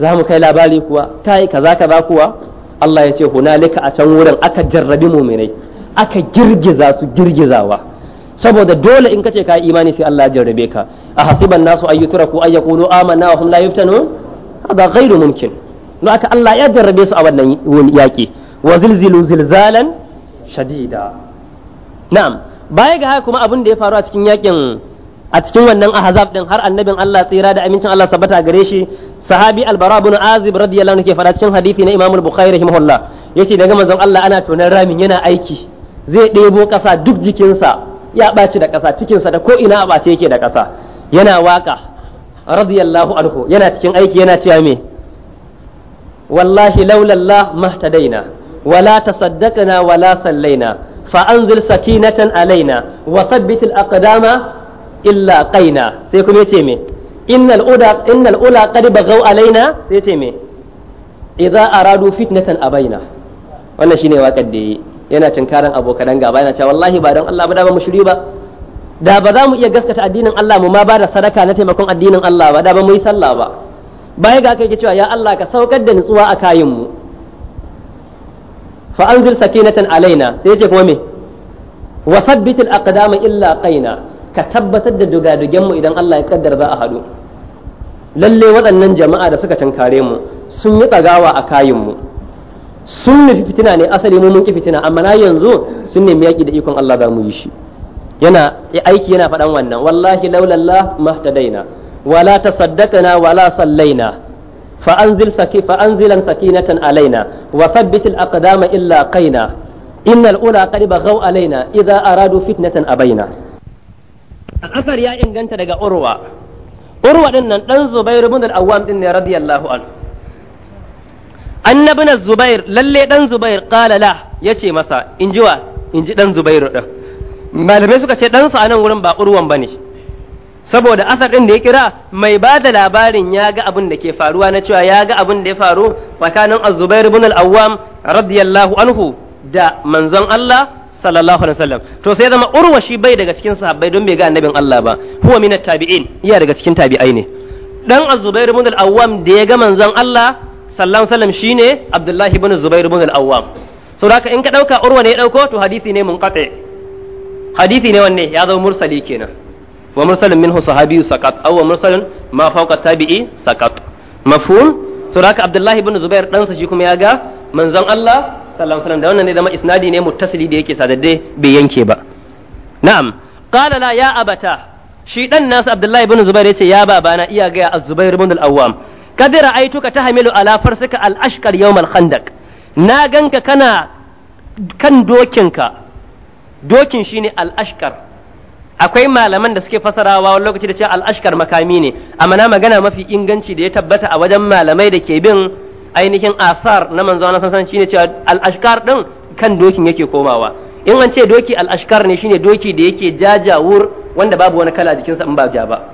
za mu kai labari kuwa kai kaza kaza kuwa Allah ya ce hunalika a can wurin aka jarrabi muminai aka girgiza su girgizawa saboda dole in kace ka imani sai Allah ya jarrabe ka a hasiban nasu ayyutraku ay yaqulu amanna wa hum la yuftanun hada ghairu mumkin don aka Allah ya jarrabe su a wannan yaki wa zilzilu zilzalan shadida na'am baya ga haka kuma abin da ya faru a cikin yakin a cikin wannan ahzab din har annabin Allah tsira da amincin Allah sabata gare shi sahabi albara ibn azib radiyallahu anhu ke fara cikin hadisi na imamul bukhari rahimahullah yace daga manzon Allah ana tonan ramin yana aiki zai ɗebo ƙasa duk jikinsa ya ɓaci da ƙasa cikinsa da ko ina a ɓace yake da ƙasa yana waka radiyallahu anhu yana cikin aiki yana cewa me wallahi laulallah mahtadaina wala tasaddaqna wala sallaina فأنزل سكينة علينا وثبت الأقدام إلا قينا سيكم يتيمي إن الأولى إن الأولى قد بغوا علينا سيتيمي إذا أرادوا فتنة أبينا wannan shine waƙar da yi yana tunkarin abokan gaba yana cewa wallahi ba don Allah ba da ba mu shiri ba da ba za mu iya gaskata addinin Allah mu ma ba da sadaka na taimakon addinin Allah ba da ba mu yi sallah ba bai ga kai cewa ya Allah ka saukar da nutsuwa a kayin mu fa anzil sakinatan alaina sai yace kuma me wa sabbitil aqdama illa qaina ka tabbatar da dugadugen mu idan Allah ya kaddara za a hadu lalle waɗannan jama'a da suka tankare mu sun yi tsagawa a kayin mu sun nufi fitina ne asali mu mun fitina amma na yanzu sun nemi yaki da ikon Allah za mu yi shi yana aiki yana faɗan wannan wallahi laulallah mahtadaina wala tasaddaqna wala sallaina فأنزل سكي فأنزلا سكينة علينا وثبت الأقدام إلا قينا إن الأولى قد بغوا علينا إذا أرادوا فتنة أبينا الأثر يا إن كنت لقى أروى أروى إن أن زبير بن الأوام إني رضي الله عنه أن ابن الزبير للي دن زبير قال لا يتي مسا إنجوا إنجي دن زبير malamai suka ce ɗansa a nan wurin ba urwan ba ne saboda asar ɗin da ya kira mai ba da labarin ya ga abin da ke faruwa na cewa ya ga abin da ya faru tsakanin azubair ibn al-awwam radiyallahu anhu da manzon Allah sallallahu alaihi wasallam to sai zama urwashi bai daga cikin sahabbai don bai ga annabin Allah ba huwa min tabi'in iya daga cikin tabi'ai ne dan azubair ibn al-awwam da ya ga manzon Allah sallallahu alaihi wasallam shine abdullahi ibn zubair ibn al-awwam saboda in ka dauka urwa ne ya dauko to hadisi ne munqati hadisi ne wanne ya zama mursali kenan wa mursalin minhu sahabi saqat aw wa mursalin ma fawqa tabi'i saqat mafhum so abdullahi ibn zubair ɗansa shi kuma ya ga manzon Allah sallallahu alaihi da wannan ne zama isnadi ne muttasili da yake sadadde bai yanke ba na'am qala la ya abata shi dan nasu abdullahi ibn zubair yace ya babana iya ga az-zubair ibn al-awwam kad ra'aytuka tahmilu ala farsika al-ashqal yawm al-khandaq na ganka kana kan dokinka dokin shine al-ashqar akwai malaman da suke fasarawa wani lokaci da cewa al'ashkar makami ne amma na magana mafi inganci da ya tabbata a wajen malamai da ke bin ainihin asar na manzo na sansan shine cewa al'ashkar din kan dokin yake komawa in an ce doki al'ashkar ne shine doki da yake jajawur wanda babu wani kala jikinsa in ba ja ba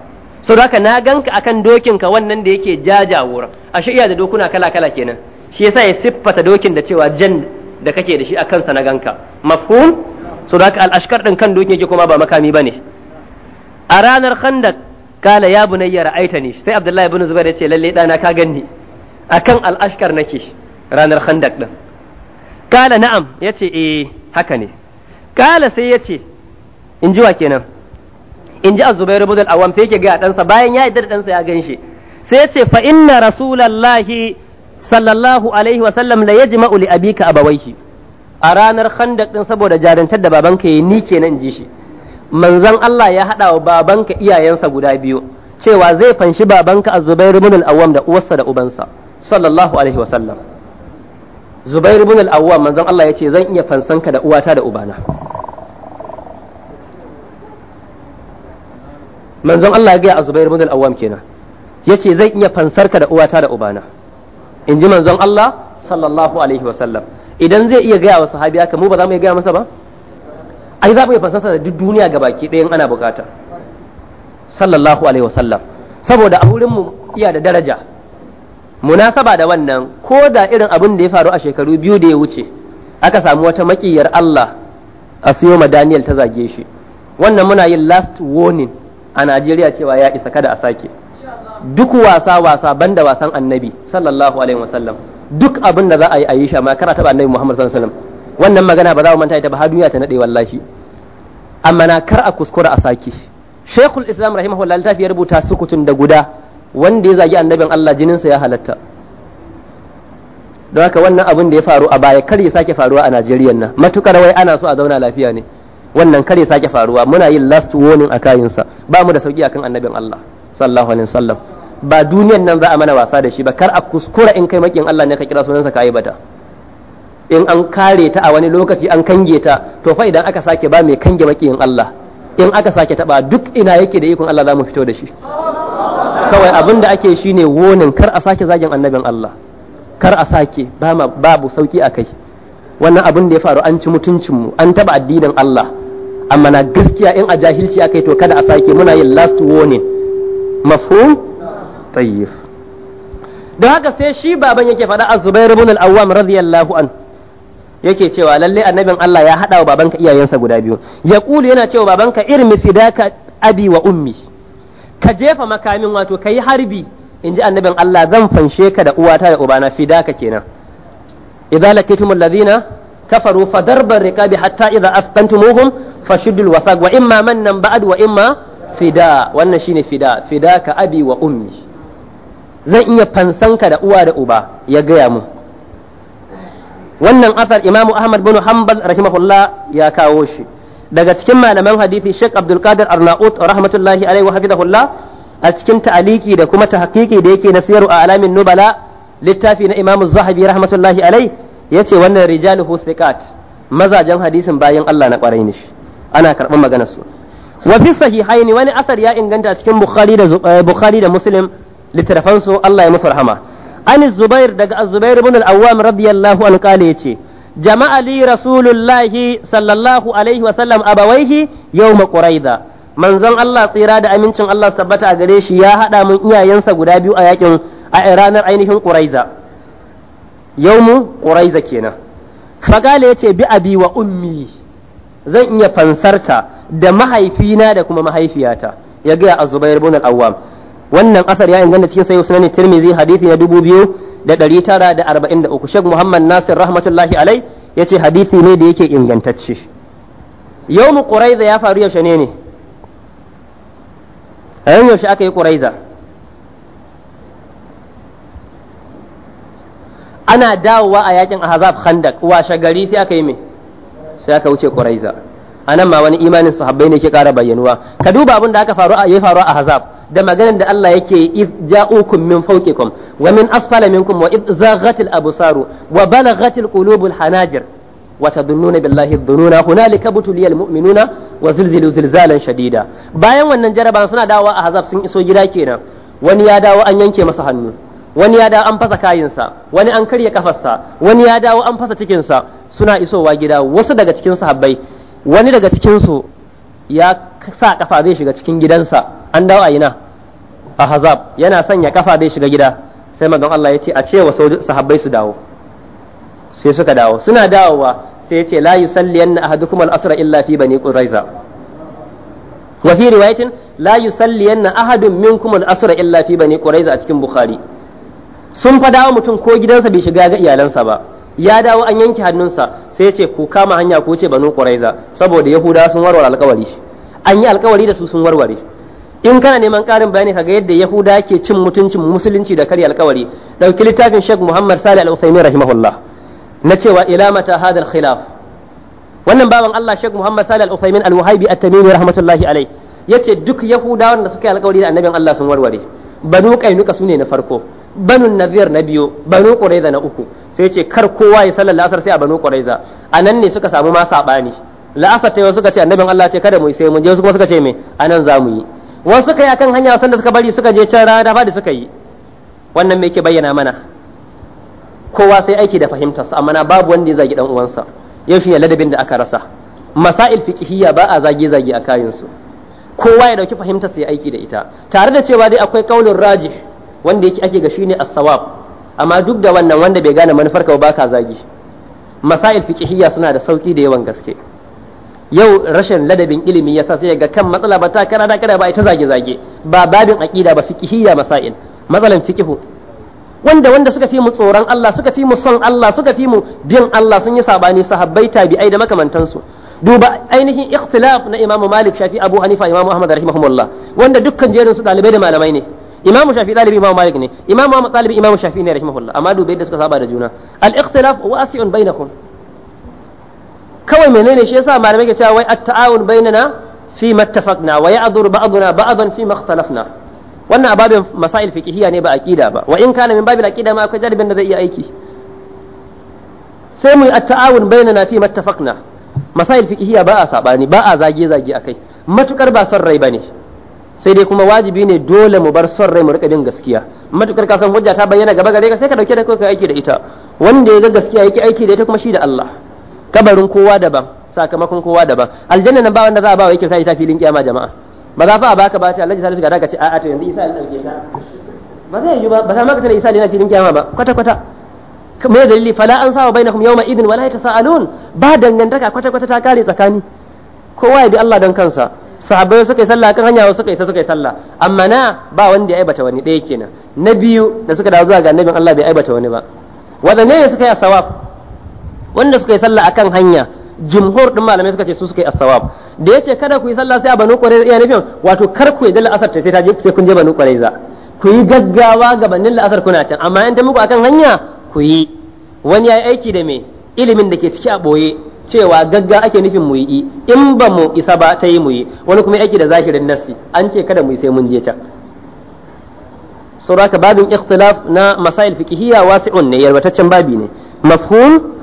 sau haka na ganka akan dokin ka wannan da yake jajawur ashe iya da dokuna kala kala kenan shi yasa ya siffata dokin da cewa jan da kake da shi a kansa na ganka mafhum so da al-ashkar din kan doki yake kuma ba makami bane a ranar khandak kala ya bunayya ra'aitani sai abdullahi ibn zubair yace lalle dana ka ganni akan al-ashkar nake ranar khandak din kala na'am yace eh haka ne kala sai yace in ji wa kenan in ji az-zubair ibn al-awam sai yake ga ɗansa, bayan ya yadda ɗansa ya ganshi sai yace fa inna rasulallahi sallallahu alaihi wa sallam la yajma'u li abika abawayhi a ranar khandak din saboda jarantar da babanka ya ni kenan ji shi manzon Allah ya haɗa wa babanka iyayensa guda biyu cewa zai fanshi babanka a Zubair ibn al-Awwam da uwarsa da ubansa sallallahu alaihi wa sallam Zubair ibn al-Awwam manzon Allah ya ce zan iya ka da uwata da ubana manzon Allah ya gaya a Zubair ibn al-Awwam kenan yace zan iya fansar ka da uwata da ubana in ji manzon Allah sallallahu alaihi wa sallam idan zai iya gaya wa sahabi haka mu ba za mu iya gaya masa ba ai za mu iya fasasa da duk duniya ga baki ɗayan ana bukata sallallahu alaihi wasallam saboda a mu iya da daraja munasaba da wannan ko da irin abin da ya faru a shekaru biyu da ya wuce aka samu wata makiyar Allah a siyo ma Daniel ta zage shi wannan muna yin last warning a Najeriya cewa ya isa kada a sake duk wasa wasa banda wasan annabi sallallahu alaihi wasallam duk abin da za a yi a yi shi amma kana taba annabi Muhammad sallallahu alaihi wasallam wannan magana ba za mu manta ita ba har duniya ta nade wallahi amma na kar a kuskura a saki Sheikhul Islam rahimahullahi ta ya rubuta sukutun da guda wanda ya zagi annabin Allah jininsa ya halatta don haka wannan abin da ya faru a baya kar ya sake faruwa a Najeriya nan matukar wai ana so a zauna lafiya ne wannan kar ya sake faruwa muna yin last warning a kayinsa ba mu da sauki akan annabin Allah sallallahu alaihi wasallam ba duniyan nan za a mana wasa da shi ba kar a kuskura in kai makin Allah ne ka kira sunansa ka aibata in an kare ta a wani lokaci an kange ta to fa idan aka sake ba mai kange makin Allah in aka sake ta ba duk ina yake da ikon Allah za mu fito da shi kawai abin da ake shine wonin kar a sake zagin annabin Allah kar a sake babu sauki a kai wannan abin da ya faru an ci mutuncin mu an taba addinin Allah amma na gaskiya in a jahilci akai to kada a sake muna yin last warning mafhum tayyib don haka sai shi baban yake faɗa a Zubairu ibn al-awwam radiyallahu an yake cewa lalle annabin Allah ya hada wa babanka iyayensa guda biyu ya kulu yana cewa babanka irmi fidaka abi wa ummi ka jefa makamin wato kai harbi in ji annabin Allah zan fanshe ka da uwata da ubana fidaka kenan idza lakitum alladhina kafaru fadarbar riqabi hatta idza aftantumuhum fashuddul wasaq wa imma mannan ba'd wa imma fida wannan shine fida fidaka abi wa ummi zan iya fansanka da uwa da uba ya gaya mu wannan asar imamu ahmad bin hanbal rahimahullah ya kawo shi daga cikin malaman hadisi sheikh abdul qadir arnaut rahmatullahi alaihi wa hafizahullah a cikin ta'aliki da kuma tahqiqi da yake na a alamin nubala littafi na imamu zahabi rahmatullahi alaihi yace wannan rijaluhu thiqat mazajen hadisin bayan Allah na kwarai ne shi ana karɓar maganar su wa fi sahihaini wani asar ya inganta cikin bukhari da eh, bukhari da muslim Littattafansu Allah ya musu rahama an zubair daga zubair ibn al-awwam radiyallahu anhu kale yace jama'a li rasulullahi sallallahu alaihi wa sallam abawaihi yawm quraida manzon Allah tsira da amincin Allah su tabbata a gare shi ya hada mun iyayensa guda biyu a yakin a ranar ainihin quraiza yawm quraiza kenan fagale yace bi abi wa ummi zan iya fansarka da mahaifina da kuma mahaifiyata ya ga a zubair ibn al-awwam wannan asar ya inganta cikin sayyid sunan tirmizi hadisi na uku. shek muhammad nasir rahmatullahi alai ya ce hadisi ne da yake ingantacce mu ƙuraiza ya faru yaushe ne ne a yan yaushe aka yi ƙuraiza? ana dawowa a yakin ahzab khandak washe gari sai aka yi me sai aka wuce ƙuraiza. A nan ma wani imanin sahabbai ne ke ƙara bayyanuwa ka duba abin da aka faru a yi faru a ahzab da maganar da Allah yake iz ja'ukum min fawqikum wa min asfala minkum wa iz zaghatil absaru wa balaghatil qulubul hanajir wa tadhunnuna billahi dhununa hunalika butuliyal mu'minuna wa zilzilu zilzalan shadida bayan wannan jaraban suna dawo a hazab sun iso gida kenan wani ya dawo an yanke masa hannu wani ya dawo an fasa kayinsa wani an karya kafarsa wani ya dawo an fasa cikinsa suna isowa gida wasu daga cikin sahabbai wani daga cikinsu ya sa kafa zai shiga cikin gidansa an dawo a ina a hazab yana sanya kafa bai shiga gida sai magan Allah ya ce a cewa sahabbai su dawo sai suka dawo suna dawowa sai ya ce la na ahadukum al-asra illa fi bani quraiza wa fi riwayatin la na ahadun minkum al-asra illa fi bani quraiza a cikin bukhari sun fa dawo mutum ko gidansa bai shiga ga iyalansa ba ya dawo an yanke hannunsa sai ya ce ku kama hanya ku ce banu quraiza saboda yahuda sun warware alƙawari an yi alkawari da su sun warware in kana neman ƙarin bayani kaga yadda yahuda ke cin mutuncin musulunci da karya alƙawari? dauki littafin sheikh muhammad salih al-uthaymin rahimahullah na cewa ila mata al khilaf wannan baban allah sheikh muhammad salih al-uthaymin al-wahabi at-tamimi rahmatullahi alayh yace duk yahudawan da suka yi alƙawari da annabin allah sun warware banu kainuka sune na farko banu nazir na biyo banu quraiza na uku sai ce kar kowa ya sallalla la'asar sai a banu quraiza anan ne suka samu ma sabani la'asar ta suka ce annabin Allah ce kada mu sai mun je kuma suka ce me anan za mu yi wasu kai akan hanya san da suka bari suka je can rana fadi suka yi wannan me yake bayyana mana kowa sai aiki da fahimtarsa amma na babu wanda ya zagi dan uwansa Yaushe shi ne ladabin da aka rasa masail fiqhiyya ba a zagi-zagi a kayan su kowa ya dauki fahimtar ya aiki da ita tare da cewa dai akwai kaulin rajih wanda yake ake ga shine as-sawab amma duk da wannan wanda bai gane manufarka ka ba ka zagi masail fiqhiyya suna da sauki da yawan gaske yau rashin ladabin ilimi sa sai ga kan matsala ba ta kara da kada ba ita zage zage ba babin aqida ba fiqhiyya masail matsalan fiqhu wanda wanda suka fi mu tsoron Allah suka fi mu son Allah suka fi mu bin Allah sun yi sabani sahabbai tabi'ai da makamantansu duba ainihin ikhtilaf na Imam Malik Shafi Abu Hanifa Imam Ahmad rahimahumullah wanda dukkan jerin su dalibai da malamai ne Imam shafi dalibi Imam malik ne Imam malik dalibi Imam shafi ne rahimahullah amma duba da suka saba da juna al ikhtilaf wasi'un bainakum kawai menene shi yasa malamai ke cewa wai at-ta'awun bainana fi mattafaqna wa ya'dhur ba'duna ba'dan fi makhtalafna wannan ababin masail fiqhiyya ne ba aqida ba wa in kana min babil aqida ma akwai jarbin da zai iya aiki sai mu at-ta'awun bainana fi mattafaqna masail fiqhiyya ba a sabani ba a zage zage akai matukar ba son rai bane sai dai kuma wajibi ne dole mu bar son rai mu rika bin gaskiya matukar san hujja ta bayyana gaba gare ka sai ka dauke da kai aiki da ita wanda ya ga gaskiya yake aiki da ita kuma shi da Allah kabarin kowa daban sakamakon kowa daban aljanna nan ba wanda za a ba wa yake sai ta filin kiyama jama'a ba za fa a baka ba ta Allah salisu ga daga ce a'a to yanzu isa ya dauke ta ba zai yi ba ba za ma ka tana isa ne filin kiyama ba kwata kwata me dalili fala an sawa bainakum yawma idin wala yatasaalun ba dangantaka kwata kwata ta kare tsakani kowa ya bi Allah don kansa sahabbai suka yi sallah kan hanya suka yi suka yi sallah amma na ba wanda ya aibata wani ɗaya kenan na biyu da suka dawo zuwa ga annabin Allah bai aibata wani ba wadanne ne suka yi asawab wanda suka yi sallah akan hanya jumhur din malamai suka ce su suka yi as-sawab da yace kada ku yi sallah sai a banu kwarai iya nufin wato kar ku yi dalla asar sai ta je sai kun je banu za ku yi gaggawa ga gabanin la'asar kuna can amma in ta muku akan hanya ku yi wani yi aiki da me ilimin da ke ciki a boye cewa gagga ake nufin mu yi in ba mu isa ba ta yi mu yi wani kuma aiki da zahirin nasi. an ce kada mu yi sai mun je can sauraka babin ikhtilaf na masail fiqhiyya wasi'un ne yarbataccen babi ne mafhum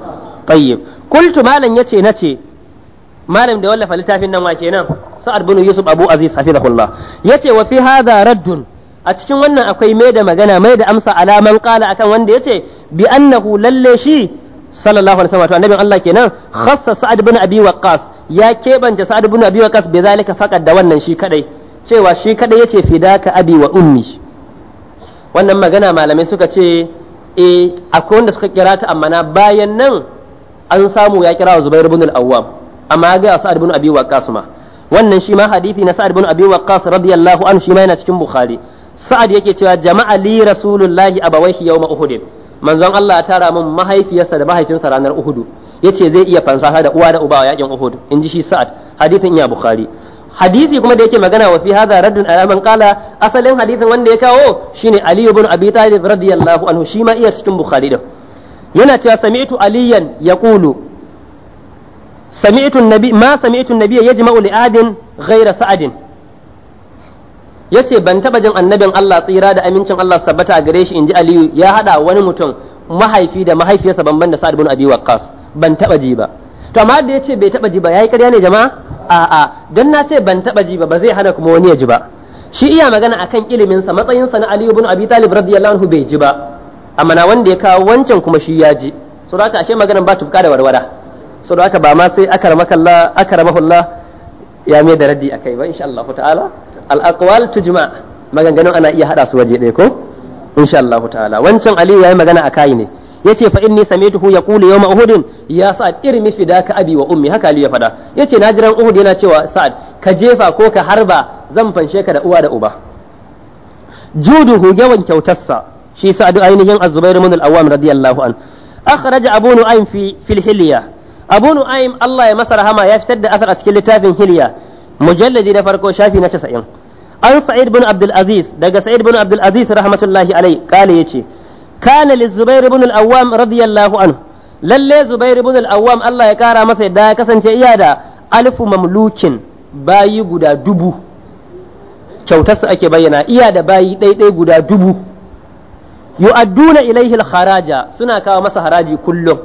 tayyib qultu malam yace nace malam da wallafa littafin nan wa kenan sa'ad bin yusuf abu aziz hafizahullah yace wa fi hadha raddun a cikin wannan akwai mai da magana mai da amsa alaman kala akan wanda yace bi annahu lalle shi sallallahu alaihi wasallam annabi Allah kenan khassa sa'ad bin abi waqqas ya kebance sa'ad bin abi waqqas bi zalika faqad da wannan shi kadai cewa shi kadai yace fidaka abi wa ummi wannan magana malamai suka ce eh akwai wanda suka kira ta amma na bayan nan an samu ya kira Zubair ibn al-Awwam amma ya ga Sa'ad ibn Abi Waqqas ma wannan shi ma hadisi na Sa'ad ibn Abi Waqqas radiyallahu anhu shi ma yana cikin Bukhari Sa'ad yake cewa jama'a li rasulullahi abawaihi yawma Uhud manzon Allah ya tara min mahaifiyarsa da mahaifinsa ranar Uhud yace zai iya fansa da uwa da uba yakin Uhud in ji shi Sa'ad hadisin iya Bukhari hadisi kuma da yake magana wa fi hadha raddun ala man qala asalin hadisin wanda ya kawo shine Ali ibn Abi Talib radiyallahu anhu shi ma iya cikin Bukhari din yana cewa sami'tu aliyan ya sami'tu nabi ma sami'tu nabiyya yajma'u li'adin ghaira sa'adin yace ban taba jin annabin Allah tsira da amincin Allah sabbata a gare shi inji Aliyu ya hada wani mutum mahaifi da mahaifiyarsa banban da Sa'ad bin Abi Waqqas ban taba ji ba to amma da yace bai taba ji ba yayi ƙarya ne jama'a a'a don na ce ban taba ji ba ba zai hana kuma wani ya ji ba shi iya magana akan ilimin sa matsayin sa na Ali ibn Abi Talib radiyallahu anhu bai ji ba amana wanda ya kawo wancan kuma shi ya ji so da haka ashe maganan ba tufka da warwara so da haka ba ma sai akaramakallah akaramahullah ya mai da raddi akai ba insha Allah ta'ala al aqwal tujma maganganun ana iya hada su waje ɗaya ko insha Allah ta'ala wancan Aliyu yayi magana a ne yace fa inni samituhu yaqulu yawma uhudin ya sa'ad irmi fidaka abi wa ummi haka Aliyu ya fada yace na jiran uhud yana cewa sa'ad ka jefa ko ka harba zan fanshe ka da uwa da uba juduhu yawan kyautarsa shi sa'adu ainihin az-zubair ibn al-awwam radiyallahu an akhraj abu nu'aym fi fil hilya abu nu'aym Allah ya masa rahama ya fitar da asar a cikin littafin hilya mujalladi na farko shafi na 90 an sa'id ibn abdul aziz daga sa'id ibn abdul aziz rahmatullahi alayhi kale yace kana liz-zubair ibn al-awwam radiyallahu anhu lalle zubair ibn al-awwam Allah ya kara masa yadda ya kasance iya da alfu mamlukin bayi guda dubu kyautarsa ake bayyana iya da bayi ɗaiɗai guda dubu yu'adduna ilaihi haraja suna kawo masa haraji kullum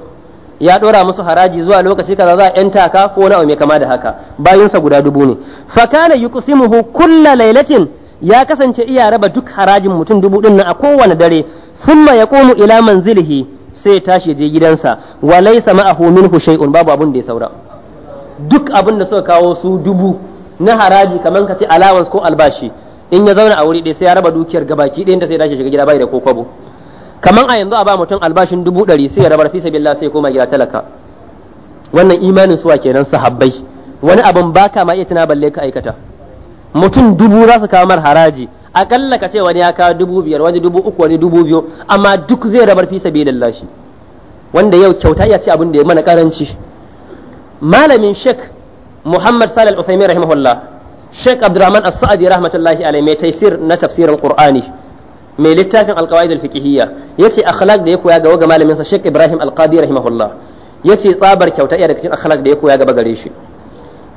ya dora musu haraji zuwa lokaci kaza za a yanta ka ko na mai kama da haka sa guda dubu ne fa kana yuqsimuhu kulla lailatin ya kasance iya raba duk harajin mutum dubu din nan a kowane dare thumma yaqumu ila manzilihi sai ya tashi je gidansa wa laysa ma'ahu minhu shay'un babu abun da ya saura duk abun da suka kawo su dubu na haraji kaman kace ce ko albashi in ya zauna a wuri ɗaya sai ya raba dukiyar gabaki da sai ya dace shiga gida bai da ko kwabo kaman a yanzu a ba mutum albashin dubu ɗari sai ya rabar fi sabilillah sai koma gida talaka wannan imanin suwa kenan sahabbai wani abin ba ka ma iya tuna balle ka aikata mutum dubu za su kawo mar haraji akalla ka ce wani ya kawo dubu biyar wani dubu uku wani dubu biyu amma duk zai rabar fi sabilillah shi wanda yau kyauta iya ce abin da ya mana karanci malamin shek muhammad salih al usaimi rahimahullah Sheikh Abdurrahman As-Sa'di rahmatullahi alaihi mai taisir na tafsirin Qur'ani mai littafin Al-Qawaid al-fiqhiyya yace akhlaq da ya koya ga malamin sa Sheikh Ibrahim Al-Qadi rahimahullah yace tsabar kyauta iya daga cikin akhlaq da ya koya gaba gare shi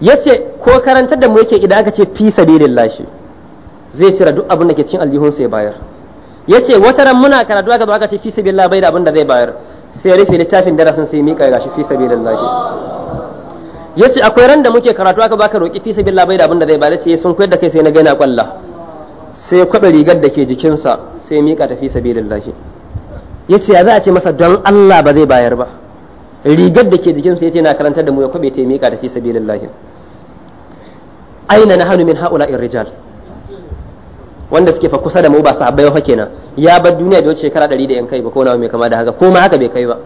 yace ko karantar da mu yake idan aka ce fi sabilillah zai cire duk abin da ke cikin aljihun sai bayar yace wata ran muna karatu aka zo aka ce fi sabilillah bai da abin da zai bayar sai rufe littafin darasin sai mika gashi fi sabilillah ya ce akwai ran da muke karatu aka baka roƙi fisa sabilillah bai da abin da zai bada ce sun koyar da kai sai na gaina kwallo sai kwaɓe rigar da ke jikinsa sai miƙa ta fi sabilillah yace ya za a ce masa don Allah ba zai bayar ba rigar da ke jikinsa ce na karantar da mu ya kwaɓe ta miƙa ta fi sabilillah aina na hannu min in rijal wanda suke fa kusa da mu ba sahabbai fa kenan ya bar duniya da wata shekara ɗari da yan kai ba ko nawa mai kama da haka ko ma haka bai kai ba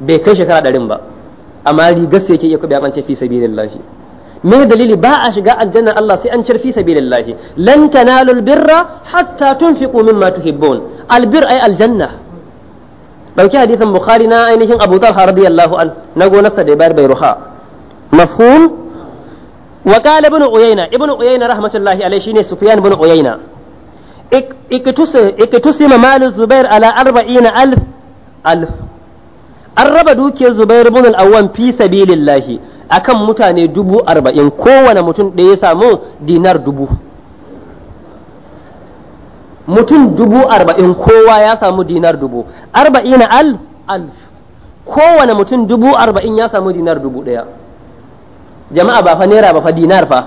bai kai shekara ɗarin ba amma rigarsa yake iya kwabe an ce fi sabilillahi me dalili ba a shiga aljanna Allah sai an cire fi sabilillahi lan tanalul birra hatta tunfiqu mimma tuhibbun albir ay aljanna dauki hadithan bukhari na ainihin abu talha radiyallahu an nago nasa da bayar bayruha mafhum wa qala ibn uyayna ibn uyayna rahmatullahi alayhi shine sufyan ibn uyayna ikitusi iktusi malu zubair ala 40000 alf an raba dukiyar zubair bin al-awwam fi sabilillahi akan mutane dubu arba'in kowane mutum ɗaya ya samu dinar dubu mutum dubu arba'in kowa ya samu dinar dubu arba'ina al alf kowane mutum dubu arba'in ya samu dinar dubu ɗaya jama'a ba fa naira ba fa dinar fa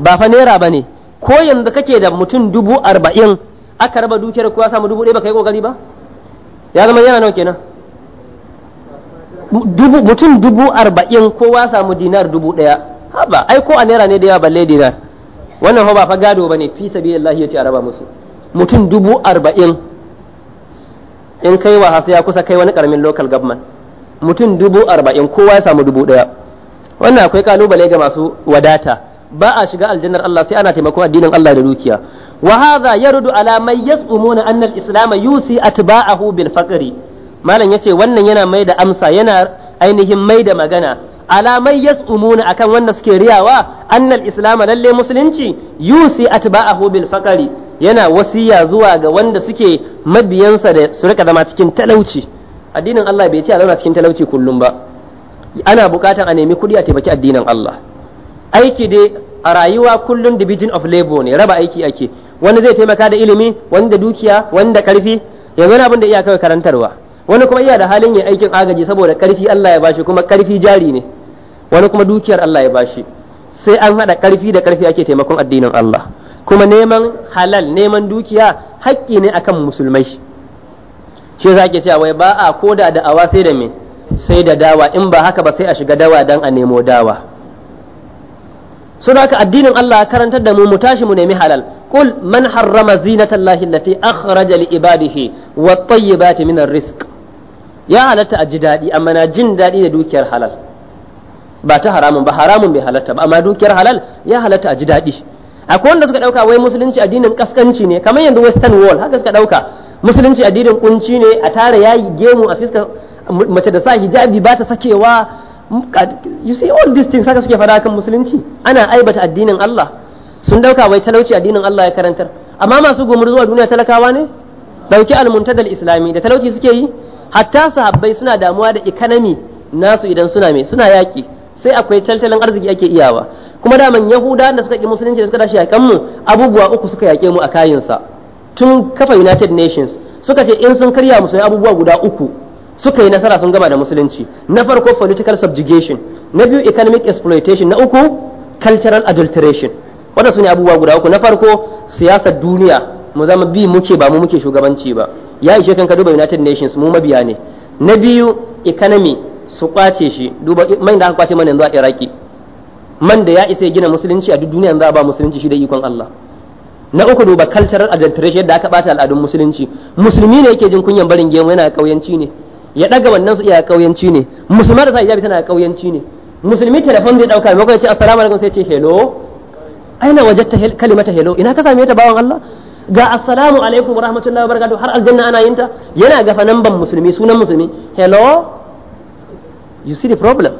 ba fa naira ba ne ko yanzu kake da mutum dubu arba'in aka raba dukiyar kowa samu dubu ɗaya ba yi ƙoƙari ba ya zama yana nawa kenan mutum dubu arba'in kowa samu dinar dubu ɗaya haba ai ko a naira ne da yawa balle dinar wannan ba fa gado ba ne. fi ya ce a raba musu mutum dubu arba'in in kai wa hasu ya kusa kai wani karamin local government mutum dubu arba'in kowa ya samu dubu ɗaya wannan akwai kalubale ga masu wadata ba a shiga aljannar Allah sai ana taimakon addinin Allah da dukiya wa hadha yarudu ala may yasumuna anna al-islam yusi atba'ahu bil faqri malam yace wannan yana mai da amsa yana ainihin mai da magana alamai yas'umuna akan wanda suke riyawa annal islam lalle musulunci yusi atba'ahu bil faqari yana wasiya zuwa ga wanda suke mabiyansa da su rika zama cikin talauci addinin Allah bai ce a zauna cikin talauci kullum ba ana buƙatar a nemi kuɗi a taimaki addinin Allah aiki dai a rayuwa kullum division of labor ne raba aiki ake wanda zai taimaka da ilimi wanda dukiya wanda karfi yanzu abin da iya kawai karantarwa wani kuma iya da halin yin aikin agaji saboda karfi Allah ya bashi kuma karfi jari ne wani kuma dukiyar Allah ya bashi sai an hada karfi da karfi ake taimakon addinin Allah kuma neman halal neman dukiya haƙƙi ne akan musulmai shi za ke cewa wai ba a koda da awa sai da me sai da dawa in ba haka ba sai a shiga dawa dan a nemo dawa saboda haka addinin Allah karantar da mu mu tashi mu nemi halal qul man harrama zinatallahi allati akhraja li ibadihi wat tayyibati minar rizq ya halatta a ji daɗi amma na jin daɗi da dukiyar halal ba ta haramun ba haramun bai halatta ba amma dukiyar halal ya halatta a ji daɗi akwai wanda suka ɗauka wai musulunci addinin kaskanci ne kamar yanzu western wall haka suka ɗauka musulunci addinin kunci ne a tara yayi gemu a fiska mace da sa hijabi ba ta sakewa you see all these things haka suke fada kan musulunci ana aibata addinin Allah sun dauka wai talauci addinin Allah ya karantar amma masu gumur zuwa duniya talakawa ne dauki da islami da talauci suke yi hatta sahabbai suna damuwa da economy nasu idan suna mai suna yaki sai akwai tattalin arziki ake iyawa kuma daman yahuda da suka ki musulunci da suka tashi yakan mu abubuwa uku suka yake mu a sa tun kafa united nations suka ce in sun karya musulmi abubuwa guda uku suka yi nasara sun gama da musulunci na farko political subjugation na biyu economic exploitation na uku cultural adulteration waɗansu ne abubuwa guda uku na farko siyasar duniya mu zama bi muke ba mu muke shugabanci ba ya ishe kan ka duba united nations mu mabiya ne na biyu economy su kwace shi duba mai da aka kwace mana yanzu a iraki man da ya isa ya gina musulunci a duk duniya yanzu a ba musulunci shi da ikon allah na uku duba cultural adulteration yadda aka bata al'adun musulunci musulmi ne yake jin kunyan barin gemu yana kauyanci ne ya daga wannan su iya kauyanci ne musulma da sa hijabi tana kauyanci ne musulmi telefon zai dauka maimakon ya ce assalamu alaikum sai ce hello aina wajatta kalimata hello ina ka same ta bawan Allah ga assalamu alaikum wa rahmatullahi wa barakatuh har aljanna ana yin ta yana gafa nan ban musulmi sunan musulmi hello you see the problem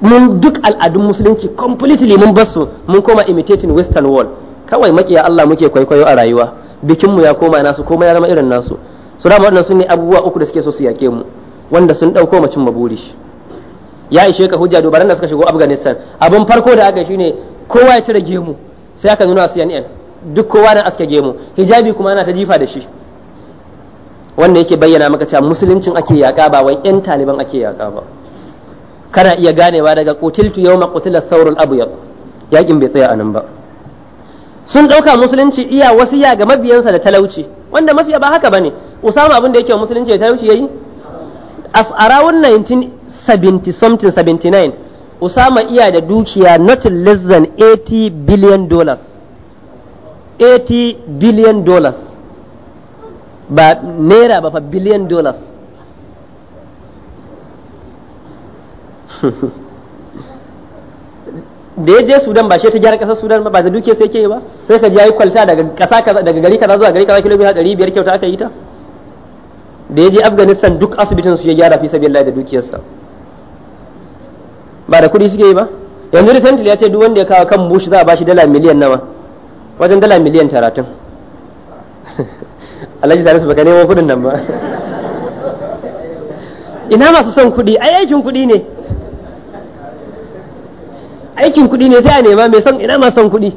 mun duk al'adun musulunci completely mun basu mun koma imitating western world kawai makiya Allah muke kwaikwayo a rayuwa bikin mu ya koma nasu komai ya zama irin nasu su da wannan sun ne abubuwa uku da suke so su yake mu wanda sun ɗauko cin maburi ya ishe ka hujja dubaran da suka shigo afghanistan abin farko da aka shine kowa ya cire gemu sai aka nuna su duk kowa na aske gemu hijabi kuma ana ta jifa da shi wanda yake bayyana maka cewa musuluncin ake yaƙa ba wai yan taliban ake yaƙa ba kana iya ganewa daga qutiltu yawma qutila thawrul abyad yakin bai tsaya anan ba sun ɗauka musulunci iya wasiya ga mabiyansa da talauci wanda mafiya ba haka bane usama abin da yake musulunci da talauci yayi as around 1970 something 79 usama iya da dukiya not less than 80 billion dollars 80 billion dollars ba naira ba fa billion dollars da ya je sudan ba shi ta gyara kasar sudan ba ba da duke sai ke ba sai ka ji yi kwalta daga ƙasa-ƙasa, daga gari kaza zuwa gari kaza kilomita biyar kyauta aka yi ta da ya je afghanistan duk asibitin su ya gyara fi sabilillah da dukiyarsa ba da kuɗi suke yi ba yanzu recently ya ce duk wanda ya kawo kan bush za a bashi dala miliyan nawa wajen dala miliyan talatin alhaji salisu baka nemo kudin nan ba ina masu son kudi ai aikin kudi ne aikin kudi ne sai a nema mai son ina masu son kudi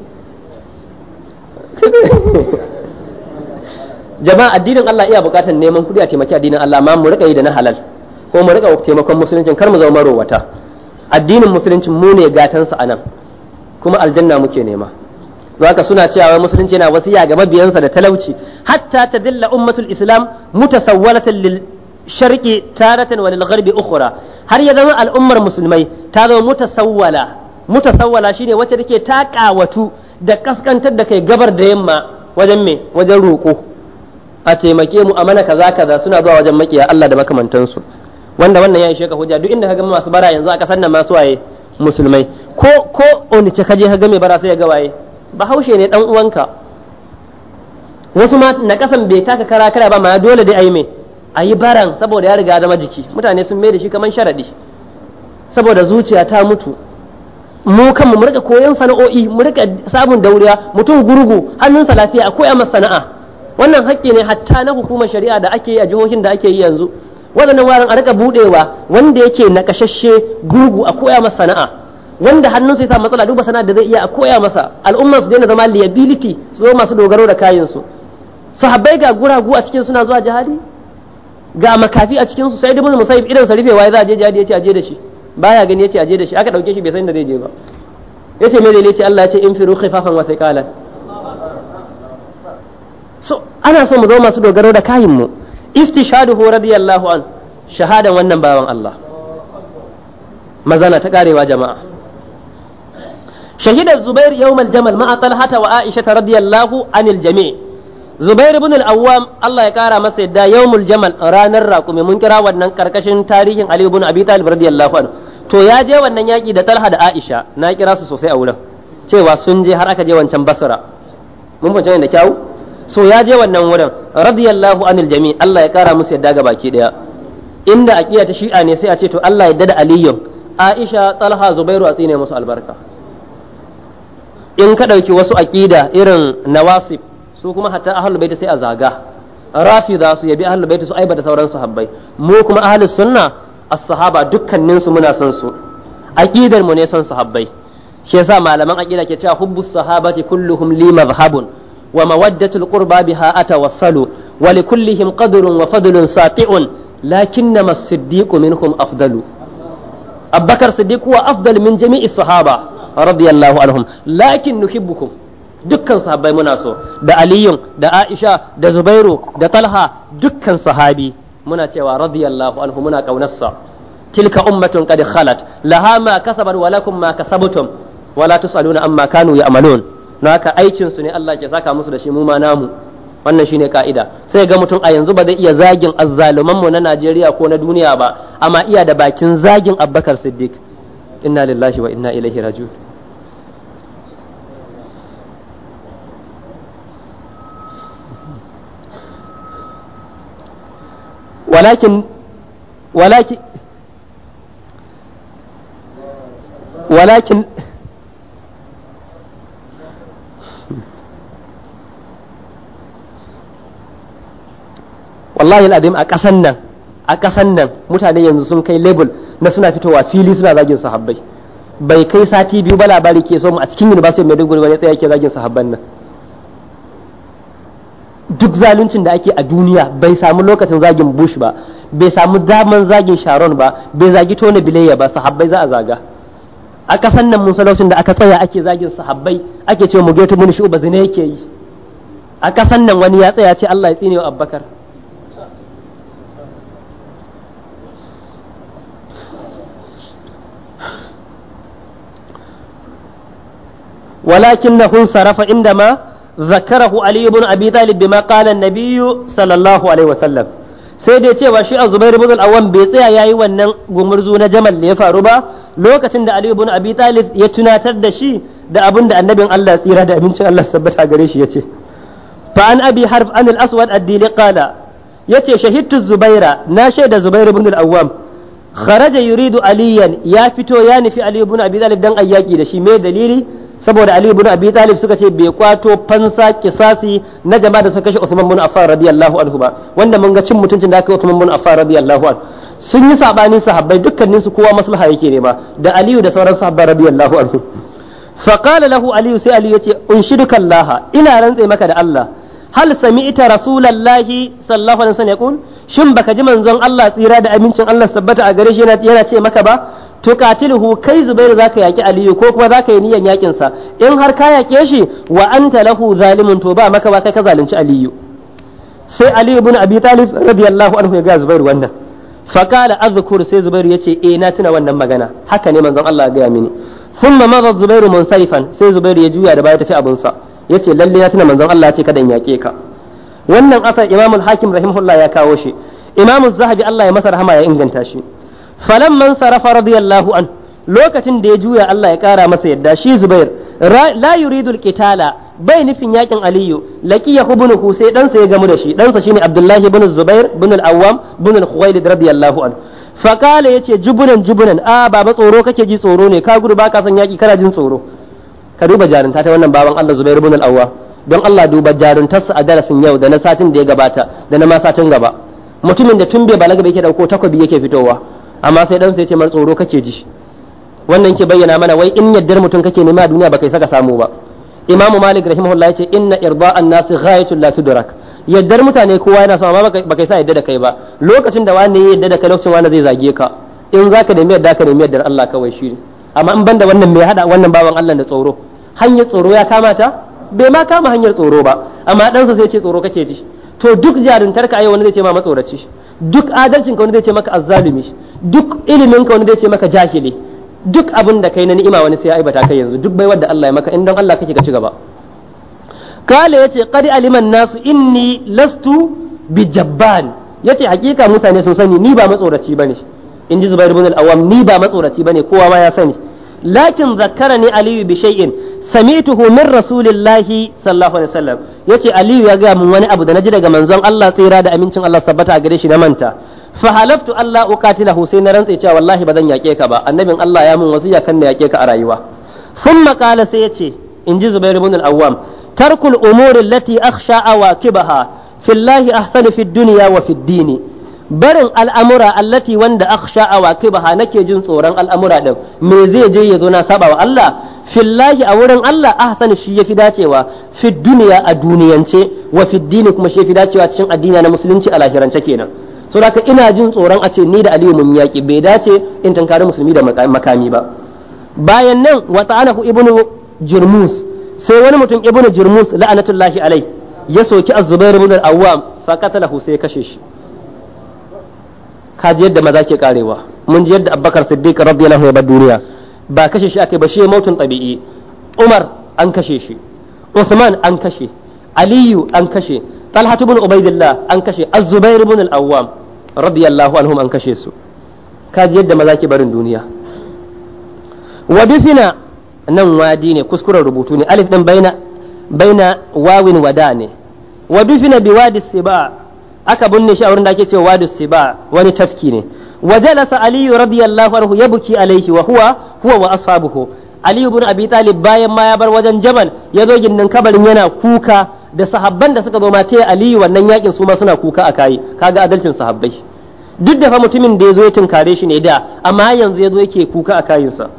jama'a addinin Allah iya bukatar neman kudi a taimaki addinin Allah amma mu rika yi da na halal ko mu rika taimakon musuluncin kar mu zama marowata addinin musuluncin mu ne gatansa anan kuma aljanna muke nema zaka suna cewa wai musulunci yana wasiya ga mabiyansa da talauci hatta ta dilla ummatul islam mutasawwalatan lil sharqi taratan wa lil gharbi ukhra har ya zama al'ummar musulmai ta zama mutasawwala mutasawwala shine wacce take ta da kaskantar da kai gabar da yamma wajen me wajen roko a taimake mu a mana kaza kaza suna zuwa wajen makiya Allah da makamantansu wanda wannan ya ishe ka hujja duk inda ka ga masu bara yanzu a kasar nan masu waye musulmai ko ko oni ka je ka ga bara sai ya ga waye bahaushe ne dan uwanka wasu ma na kasan bai taka kara kara ba ma dole dai ayi me ayi baran saboda ya riga zama jiki mutane sun mai da shi kaman sharadi saboda zuciya ta mutu mu kanmu mu rika koyon sana'o'i mu rika sabon dauriya mutum gurgu hannunsa lafiya a koya masa sana'a wannan haƙƙi ne hatta na hukumar shari'a da ake yi a jihohin da ake yi yanzu waɗannan waran a rika buɗewa wanda yake nakashashe gurgu a koya masa sana'a wanda hannunsu ya sa matsala duba sana da zai iya a koya masa al'ummar su daina zama liability su zo masu dogaro da kayansu sahabbai ga guragu a cikin suna zuwa jihadi ga makafi a cikin su sai dubun musayib idan sa rufewa ya za a je jihadi yace aje da shi baya gani yace aje da shi aka dauke shi bai san da zai je ba yace me dalili yace Allah ya ce firu khifafan wa thiqalan so ana so mu zo masu dogaro da kayin mu istishaduhu radiyallahu an shahadan wannan bawan Allah mazana ta karewa jama'a شهد Zubairu يوم الجمل مع طلحة وعائشة رضي الله عن الجميع زبير بن الأوام الله يكارى مسجد يوم الجمل رانا الراكم من كرا ونن كركشن تاريخ علي بن أبي طالب رضي الله عنه to ya je wannan yaƙi da talha da aisha na kirasu su sosai a wurin cewa sun je har aka je wancan basra mun fahimci da kyau so ya je wannan wurin radiyallahu anil jami Allah ya kara musu yadda ga baki daya inda a ƙiyata shi'a ne sai a ce to Allah ya da aliyu aisha talha zubairu a tsine musu albarka in ka ɗauki wasu aƙida irin nawasib su kuma hatta ahlul baiti sai a zaga za su yabi ahlul baiti su da sauran sahabbai mu kuma ahlus sunna a sahaba dukkanin muna son su Aƙidar mu ne son sahabbai shi yasa malaman aqida ke cewa hubbus sahabati kulluhum li madhhabun wa mawaddatul qurba biha atawassalu wa likullihim qadrun wa fadlun sati'un lakinnama as-siddiqu minhum afdalu abbakar siddiq huwa afdal min jami'is sahaba radiyallahu anhum lakin nuhibbukum dukkan sahabbai muna so da aliyun da aisha da zubairu da talha dukkan sahabi muna cewa radiyallahu anhu muna kaunarsa tilka ummatun qad khalat laha ma kasabat wa lakum ma kasabtum wala tusaluna amma kanu ya'malun naka aikin su ne Allah ke saka musu da shi mu ma namu wannan shine ka'ida sai ga mutum a yanzu ba zai iya zagin azzaluman mu na Najeriya ko na duniya ba amma iya da bakin zagin Abubakar Siddiq inna lillahi wa inna ilaihi raji'un walakin walakin walakin wallahi al'adim a ƙasan nan a ƙasan nan mutane yanzu sun kai label na suna fitowa fili suna zagin sahabbai bai kai sati biyu ba labari ke so a cikin university of maiduguri ba ya tsaya ke zagin sahabban nan duk zaluncin da ake a duniya bai samu lokacin zagin bush ba bai samu daman zagin sharon ba bai zagi tona bilayya ba sahabbai za a zaga a kasan nan musulaucin da aka tsaya ake zagin sahabbai ake ce mu getu mun shuba zina yake yi a kasan nan wani ya tsaya ce Allah ya tsine wa abbakar walakin na hun sarafa inda ma zakarahu علي بن ابي طالب بما قال النبي صلى sallallahu alaihi وسلم sai dai cewa shi a zubair ibn al bai tsaya yayi wannan gumurzu na jamal da ya faru ba lokacin da ali ibn abi talib ya tunatar da shi da abin da annabin Allah tsira da abincin Allah sabbata gare shi yace fa an abi harf an al-aswad ad-dili qala yace shahidtu zubaira na shaida zubair bin al-awwam kharaja yuridu aliyan ya fito ya nufi ali ibn abi talib dan ayyaki da shi me dalili saboda Ali ibn Abi Talib suka ce bai kwato fansa kisasi na jama'a da suka kashe Uthman ibn Affan radiyallahu anhu ba wanda mun ga cin mutuncin da aka Uthman ibn Affan radiyallahu anhu sun yi sabanin sahabbai dukkanin su kowa maslaha yake ne ba. da Aliyu da sauran sahabbai radiyallahu anhu fa qala lahu Aliyu sai Aliyu yace unshiduka Allah ina rantse maka da Allah hal sami'ta rasulallahi sallallahu alaihi wasallam yaqul shin baka ji manzon Allah tsira da amincin Allah tabbata a gare shi yana ce maka ba tukatilhu kai zubairu zaka yaki aliyu ko kuma zaka yi niyan yakin sa in har ka yake shi wa anta lahu zalimun to ba maka ba kai ka zalunci aliyu sai aliyu ibn abi talib radiyallahu anhu ya ga zubairu wannan faqala azkur sai zubairu yace eh na tuna wannan magana haka ne manzon Allah ya gaya mini thumma madha zubairu munsarifan sai zubairu ya juya da baya tafi abun sa yace lalle na tuna manzon Allah ya ce kada in yake ka wannan asar imamul hakim rahimahullah ya kawo shi imamul zahabi Allah ya masa rahama ya inganta shi Falan man sarafa radiyallahu an lokacin da ya juya Allah ya kara masa yadda shi Zubair la yuridu alqitala bai nufin yakin Aliyu laqiya ibn sai dansa ya gamu da shi dansa shine Abdullahi ibn Zubair ibn al-Awwam ibn al-Khuwailid radiyallahu an fakala yace jubunan jubunan a baba tsoro kake ji tsoro ne ka gudu baka son yaki kana jin tsoro ka duba jarinta ta wannan baban Allah Zubair ibn al don Allah duba jaruntarsa a darasin yau da na satin da ya gabata da na ma satin gaba mutumin da tun bai balaga bai yake dauko takobi yake fitowa amma sai ɗansa ya ce mar tsoro kake ji wannan ke bayyana mana wai in yaddar mutum kake nema a duniya baka saka samu ba imamu malik rahimahullah yace inna irda an nasi ghayatul la tudrak yaddar mutane kowa yana so amma baka sa yadda da kai ba lokacin da wani ya yadda da kai lokacin wani zai zage ka in zaka nemi yadda ka nemi yaddar Allah kawai shi amma in banda wannan mai hada wannan bawan Allah da tsoro hanyar tsoro ya kamata bai ma kama hanyar tsoro ba amma ɗansa sai ce tsoro kake ji to duk jarintarka a yau wani zai ce ma matsoraci duk adalcin ka wani zai ce maka azzalumi duk ilimin ka wani zai ce maka jahili duk abin da kai na ni'ima wani sai ya aibata kai yanzu duk bai da Allah ya maka in don Allah kake ka ci gaba kale yace qad aliman nasu inni lastu bi jabban yace hakika mutane sun sani ni ba matsoraci bane in ji Zubair ibn al-Awwam ni ba matsoraci bane kowa ma ya sani lakin zakkarani aliyu bi shay'in sami'tuhu min rasulillahi sallallahu alaihi wasallam yace aliyu ya ga mun wani abu da naji daga manzon Allah tsira da amincin Allah sabbata a gare shi na manta fa halaftu Allah uqatilahu sai na rantse cewa wallahi ba yake ka ba annabin Allah ya mun wasiya kan na yake ka a rayuwa thumma qala sai yace inji Zubair ibn al-Awwam tarkul umuri allati akhsha awaqibaha fillahi ahsanu fid dunya wa fid dini barin al'amura allati wanda akhsha awaqibaha nake jin tsoron al'amura din me zai je ya zo na saba wa Allah fillahi a wurin Allah ahsanu shi yafi dacewa fid dunya a duniyance wa fid dini kuma shi yafi dacewa cikin addini na musulunci a lahirance kenan so da ina jin tsoron a ce ni da aliyu mun yaki, bai dace in tankari musulmi da makami ba bayan nan ta'ala ku ibnu jirmus sai wani mutum ibnu jirmus la'anatullahi alai ya soki az-zubair ibn al-awwam fa qatalahu sai kashe shi kaji yadda maza ke karewa mun ji yadda abbakar siddiq radiyallahu anhu ya duniya ba kashe shi akai ba shi mautun tabi'i umar an kashe shi usman an kashe aliyu an kashe talhatu bin ubaidillah an kashe az-zubair bin al-awwam radiyallahu anhum an kashe su Ka ji yadda maza ke barin duniya wadufina nan wadi ne kuskuren rubutu ne alif din baina baina wawin wada ne wadufina bi wadi siba aka binne shi a wurin da ake cewa wadi siba wani tafki ne وجلس علي رضي الله عنه wa huwa, وهو wa واصحابه علي بن abi طالب bayan ma ya bar wajen jabal ya zo gindin kabarin yana kuka da sahabban da suka zo ma taya aliyu wannan yakin su ma suna kuka a kayi kaga adalcin sahabbai duk da fa mutumin da ya zo ya tunkare shi ne da amma yanzu ya zo yake kuka a kayinsa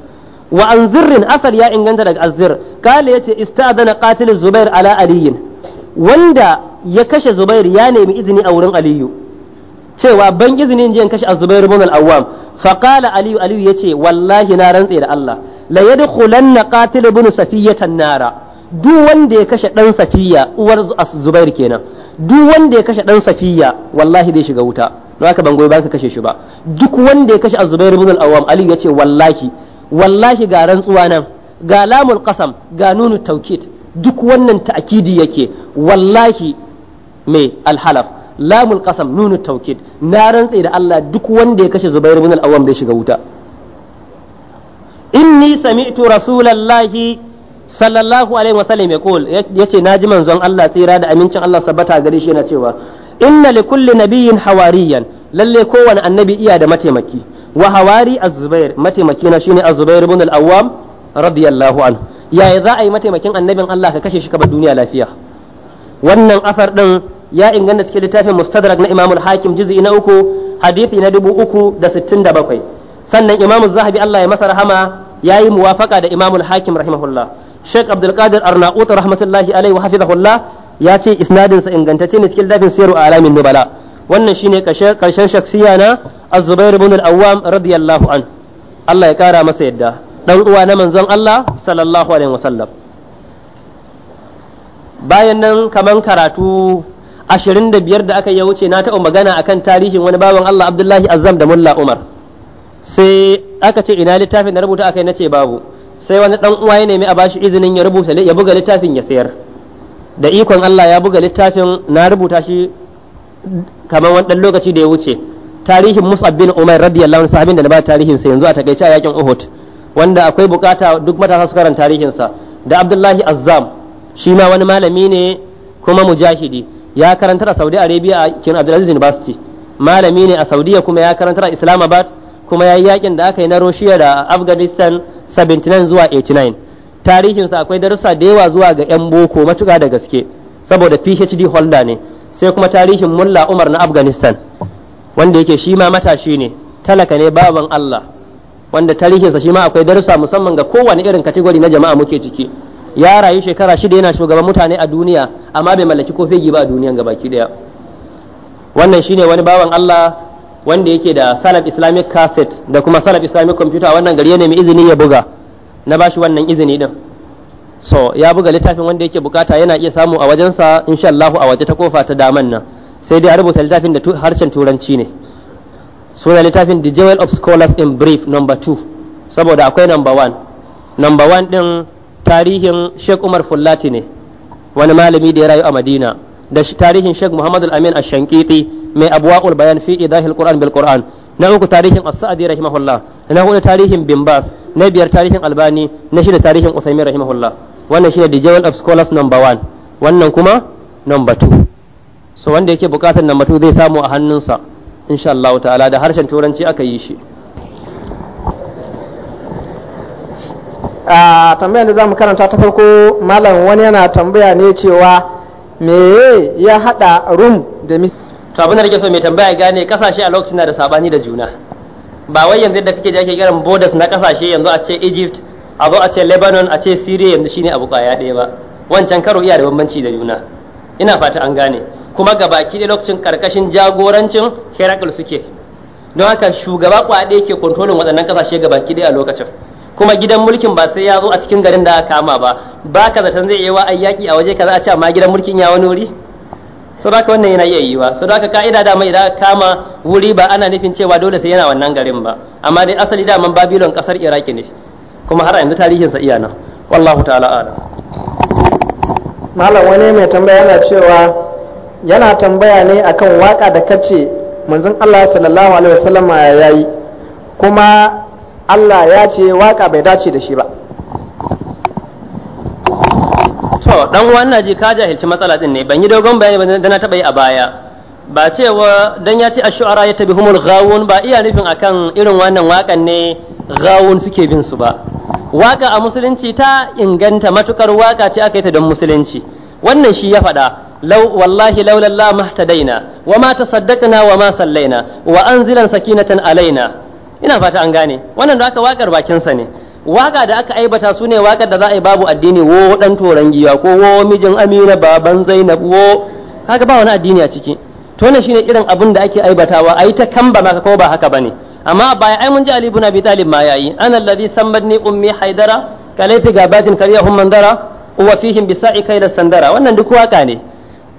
wa an asar ya inganta daga azzir kale yace ista'dana qatil zubair ala aliyin wanda ya kashe zubair ya nemi izini a wurin aliyu cewa ban izinin jiyan in kashe zubair ibn al-awwam fa qala aliyu aliyu yace wallahi na rantse da Allah la yadkhulanna qatil ibn safiyatan nara duk wanda ya kashe dan safiya uwar zubair kenan duk wanda ya kashe dan safiya wallahi zai shiga wuta don haka ban goyi ba ka kashe shi ba duk wanda ya kashe azubair ibn al-awwam ali yace wallahi wallahi ga rantsuwa nan ga lamul qasam ga nunu tawkid duk wannan ta'kidi yake wallahi mai alhalaf lamul qasam nunu tawkid na rantse da Allah duk wanda ya kashe zubair ibn al-awwam zai shiga wuta inni sami'tu rasulallahi sallallahu alaihi wasallam kul yace naji manzon Allah tsira da amincin Allah sabbata gare shi yana cewa inna li kulli nabiyyin hawariyan lalle kowane annabi iya da mataimaki wa hawari az-zubair mataimaki na shine az-zubair ibn al-awwam radiyallahu anhu yaya za a yi mataimakin annabin Allah ka kashe shi ka bar duniya lafiya wannan afar din ya inganta cikin littafin mustadrak na imamul hakim juz'i na uku hadisi na dubu uku da sittin da bakwai sannan imamu zahabi Allah ya masa rahama ya yi muwafaka da imamul hakim rahimahullah Sheikh Abdul Qadir Arnaut rahmatullahi alaihi wa hafizahullah ya ce isnadin sa ingantacce ne cikin lafin a alamin nubala wannan shine karshen shaksiya na Az-Zubair ibn al-Awwam radiyallahu an Allah ya kara masa yadda dan uwa na manzon Allah sallallahu alaihi wasallam bayan nan kaman karatu 25 da aka yi wuce na taɓa magana akan tarihin wani bawan Allah Abdullahi Azzam da Mulla Umar sai aka ce ina littafin da rubuta akai yi ce babu sai wani dan uwa ya nemi a bashi izinin ya rubuta ya buga littafin ya sayar da ikon Allah ya buga littafin na rubuta shi kamar wani dan lokaci da ya wuce tarihin Mus'ab bin Umar radiyallahu anhu sahabin da na ba tarihin sa yanzu a takaice a yakin Uhud wanda akwai bukata duk matasa su karanta tarihin sa da Abdullahi Azzam shi ma wani malami ne kuma mujahidi ya karanta a Saudi Arabia a Abdul Abdulaziz University malami ne a Saudiya kuma ya karanta a Islamabad kuma ya yi yakin da aka yi na Russia da Afghanistan 79 zuwa 89 tarihinsa akwai darussa da yawa zuwa ga 'yan boko matuƙa da gaske saboda phd holder ne sai kuma tarihin mulla umar na afghanistan wanda yake shi ma matashi ne talaka ne baban allah wanda tarihinsa shi ma akwai darussa musamman ga kowane irin kategori na jama'a muke ciki ya rayu shekara shida yana shugaban mutane a duniya amma bai mallaki ko fegi ba a duniyan gabaki daya wannan shine wani bawan allah wanda yake da salaf islamic cassette da kuma salaf islamic computer wannan gari ya nemi izini ya buga na bashi wannan izini din so ya buga littafin wanda yake bukata yana iya samu a wajensa insha Allah a waje ta kofa ta daman nan sai dai a rubuta littafin da harshen turanci ne suna littafin the jewel of scholars in brief number 2 saboda akwai number 1 number 1 din tarihin Sheikh Umar Fullati ne wani malami da ya rayu a Madina da tarihin Sheikh Muhammad Al-Amin Ash-Shankiti mai abwaul bayan fi idahil Qur'an bil Qur'an na uku tarihin As-Sa'di rahimahullah na hudu tarihin Bin Bas na biyar tarihin Albani na shida tarihin Usaimin rahimahullah wannan shine the Journal of Scholars number 1 wannan kuma number 2 so wanda yake bukatar number 2 zai samu a hannunsa insha Allah ta'ala da harshen turanci aka yi shi a ah, tambayar da zamu karanta ta farko malam wani yana tambaya ne cewa me ya hada rum da mis to abin da nake so mai tambaya gane kasashe a lokacin na da sabani da juna ba wai yanzu da kake da ake kiran borders na kasashe yanzu a ce Egypt a zo a ce Lebanon a ce Syria yanzu shine abu kwaya ɗaya ba wancan karo iya da bambanci da juna ina fata an gane kuma ga baki da lokacin karkashin jagorancin Heracles suke don haka shugaba kwaɗe yake kontrolin waɗannan kasashe ga baki ɗaya a lokacin kuma gidan mulkin ba sai ya zo a cikin garin da aka kama ba ba ka zaton zai yi wa ayyaki a waje kaza a ce amma gidan mulkin ya wani wuri so da wannan yana iya yiwa so da ka'ida dama idan kama wuri ba ana nufin cewa dole sai yana wannan garin ba amma dai asali man babilon kasar iraki ne kuma har yanzu tarihinsa iya wallahu ta'ala alam malam wani mai tambaya yana cewa yana tambaya ne akan waka da kace manzon Allah sallallahu alaihi wasallama yayi kuma Allah ya ce waka bai dace da shi ba to dan uwan ji ka jahilci matsala ɗin ne ban yi dogon bayani ba da na taɓa yi a baya ba cewa dan ya ce a shuara humul ghawun ba iya nufin akan irin wannan wakan ne ghawun suke bin su ba waka a musulunci ta inganta matukar waka ce aka yi ta don musulunci wannan shi ya faɗa لو والله لولا الله ما اهتدينا وما تصدقنا وما صلينا وأنزلا سكينة علينا ina fata an gane wannan da aka wakar bakinsa ne waka da aka aibata su ne wakar da za a yi babu addini wo dan toran giya ko wo mijin amina baban zainab wo kaga ba wani addini a ciki to ne shine irin abin da ake aibatawa ai ta kamba maka ko ba haka bane amma baya ai mun ji ali ibn abi talib ma yayi ana alladhi sammadni ummi haidara kalaifi gabatin kariyahum mandara wa fihim bisa'i kaila sandara wannan duk waka ne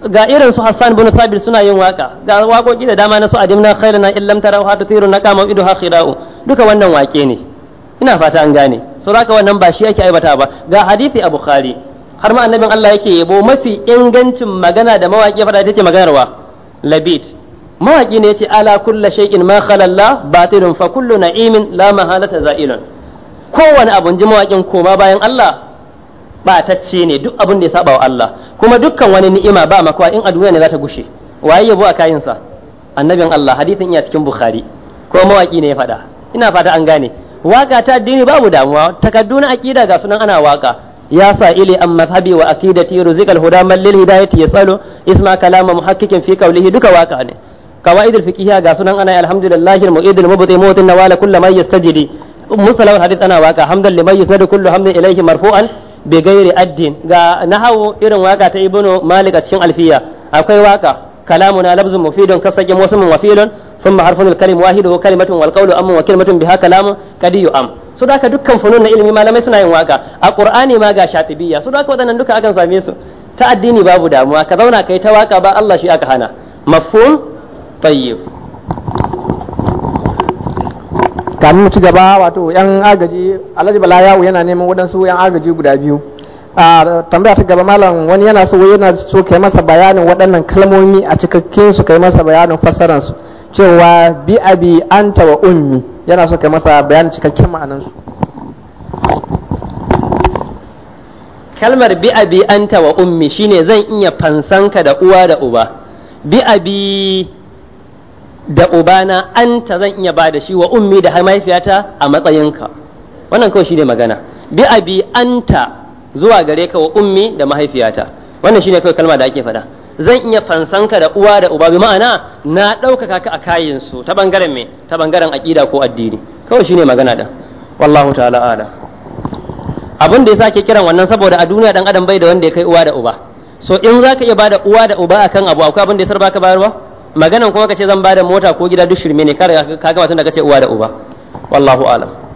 ga irin su Hassan bin Thabit suna yin waka ga waƙoƙi da dama na su adimna khairana illam tarau hatu tiru na kama idu ha khirau duka wannan wake ne ina fata an gane so zaka wannan ba shi yake aibata ba ga hadisi a Bukhari har ma annabin Allah yake yabo mafi ingancin magana da mawaki fada tace maganarwa labid mawaƙi ne yace ala kulli shay'in ma khalalla batilun fa kullu na'imin la mahalata za'ilun kowane abun ji mawaƙin koma bayan Allah batacce ne duk abin da ya saba wa Allah kuma dukkan wani ni'ima ba makawa in a duniya ne za ta gushe waye yabo a sa annabin Allah hadisin iya cikin Bukhari ko mawaki ne ya faɗa ina fata an gane waka ta addini babu damuwa takaddu na aqida ga sunan ana waka ya sa ili an mazhabi wa aqidati ruzikal huda man lil hidayati yasalu isma kalama muhakkikin fi qawlihi duka waka ne qawaidul fiqhiyya ga sunan ana alhamdulillahi almu'idul mubdi mutin nawala kullu man yastajidi mustalahul hadith ana waka hamdan liman yusnadu kullu hamdin ilayhi marfu'an bigairi addin ga nahawu irin waka ta ibnu malik a cikin alfiya akwai waka kalamu na labzun mufidun kasajin wasu mun wafilun thumma harfun al-kalim wahidu kalimatun wal qawlu amma wa kalimatun biha kalamu kadiyu am su da dukkan funun na ilimi malamai suna yin waka a qur'ani ma ga shatibiyya su da waɗannan duka akan same su ta addini babu damuwa ka zauna kai ta waka ba Allah shi aka hana mafhum tayyib kamin mu ci gaba wato yan agaji alhaji bala yawo yana neman waɗansu yan agaji guda biyu a tambaya ta gaba malam wani yana so yana so kai masa bayanin waɗannan kalmomi a cikakken su kai masa bayanin fasaran su cewa bi abi anta wa ummi yana so kai masa bayanin cikakken ma'anan su kalmar bi abi anta wa ummi shine zan iya fansanka da uwa da uba bi abi da ubana an ta zan iya ba da shi wa ummi da mahaifiyata a matsayinka wannan kawai shine magana bi abi anta zuwa gare ka wa ummi da mahaifiyata wannan shine kawai kalma da ake faɗa zan iya fansanka da uwa da uba bi ma'ana na ɗaukaka ka a kayin su ta bangaren me ta bangaren aƙida ko addini kawai shine magana da wallahu ta'ala ala abin da yasa ke kiran wannan saboda a duniya dan adam bai da wanda ya kai uwa da uba so in zaka iya bada uwa da uba akan abu akwai abin da ya sarba ka bayarwa maganan kuma ka ce zan bada mota ko gida duk shirme ne ka ka ga watan da ce uwa da uba wallahu alam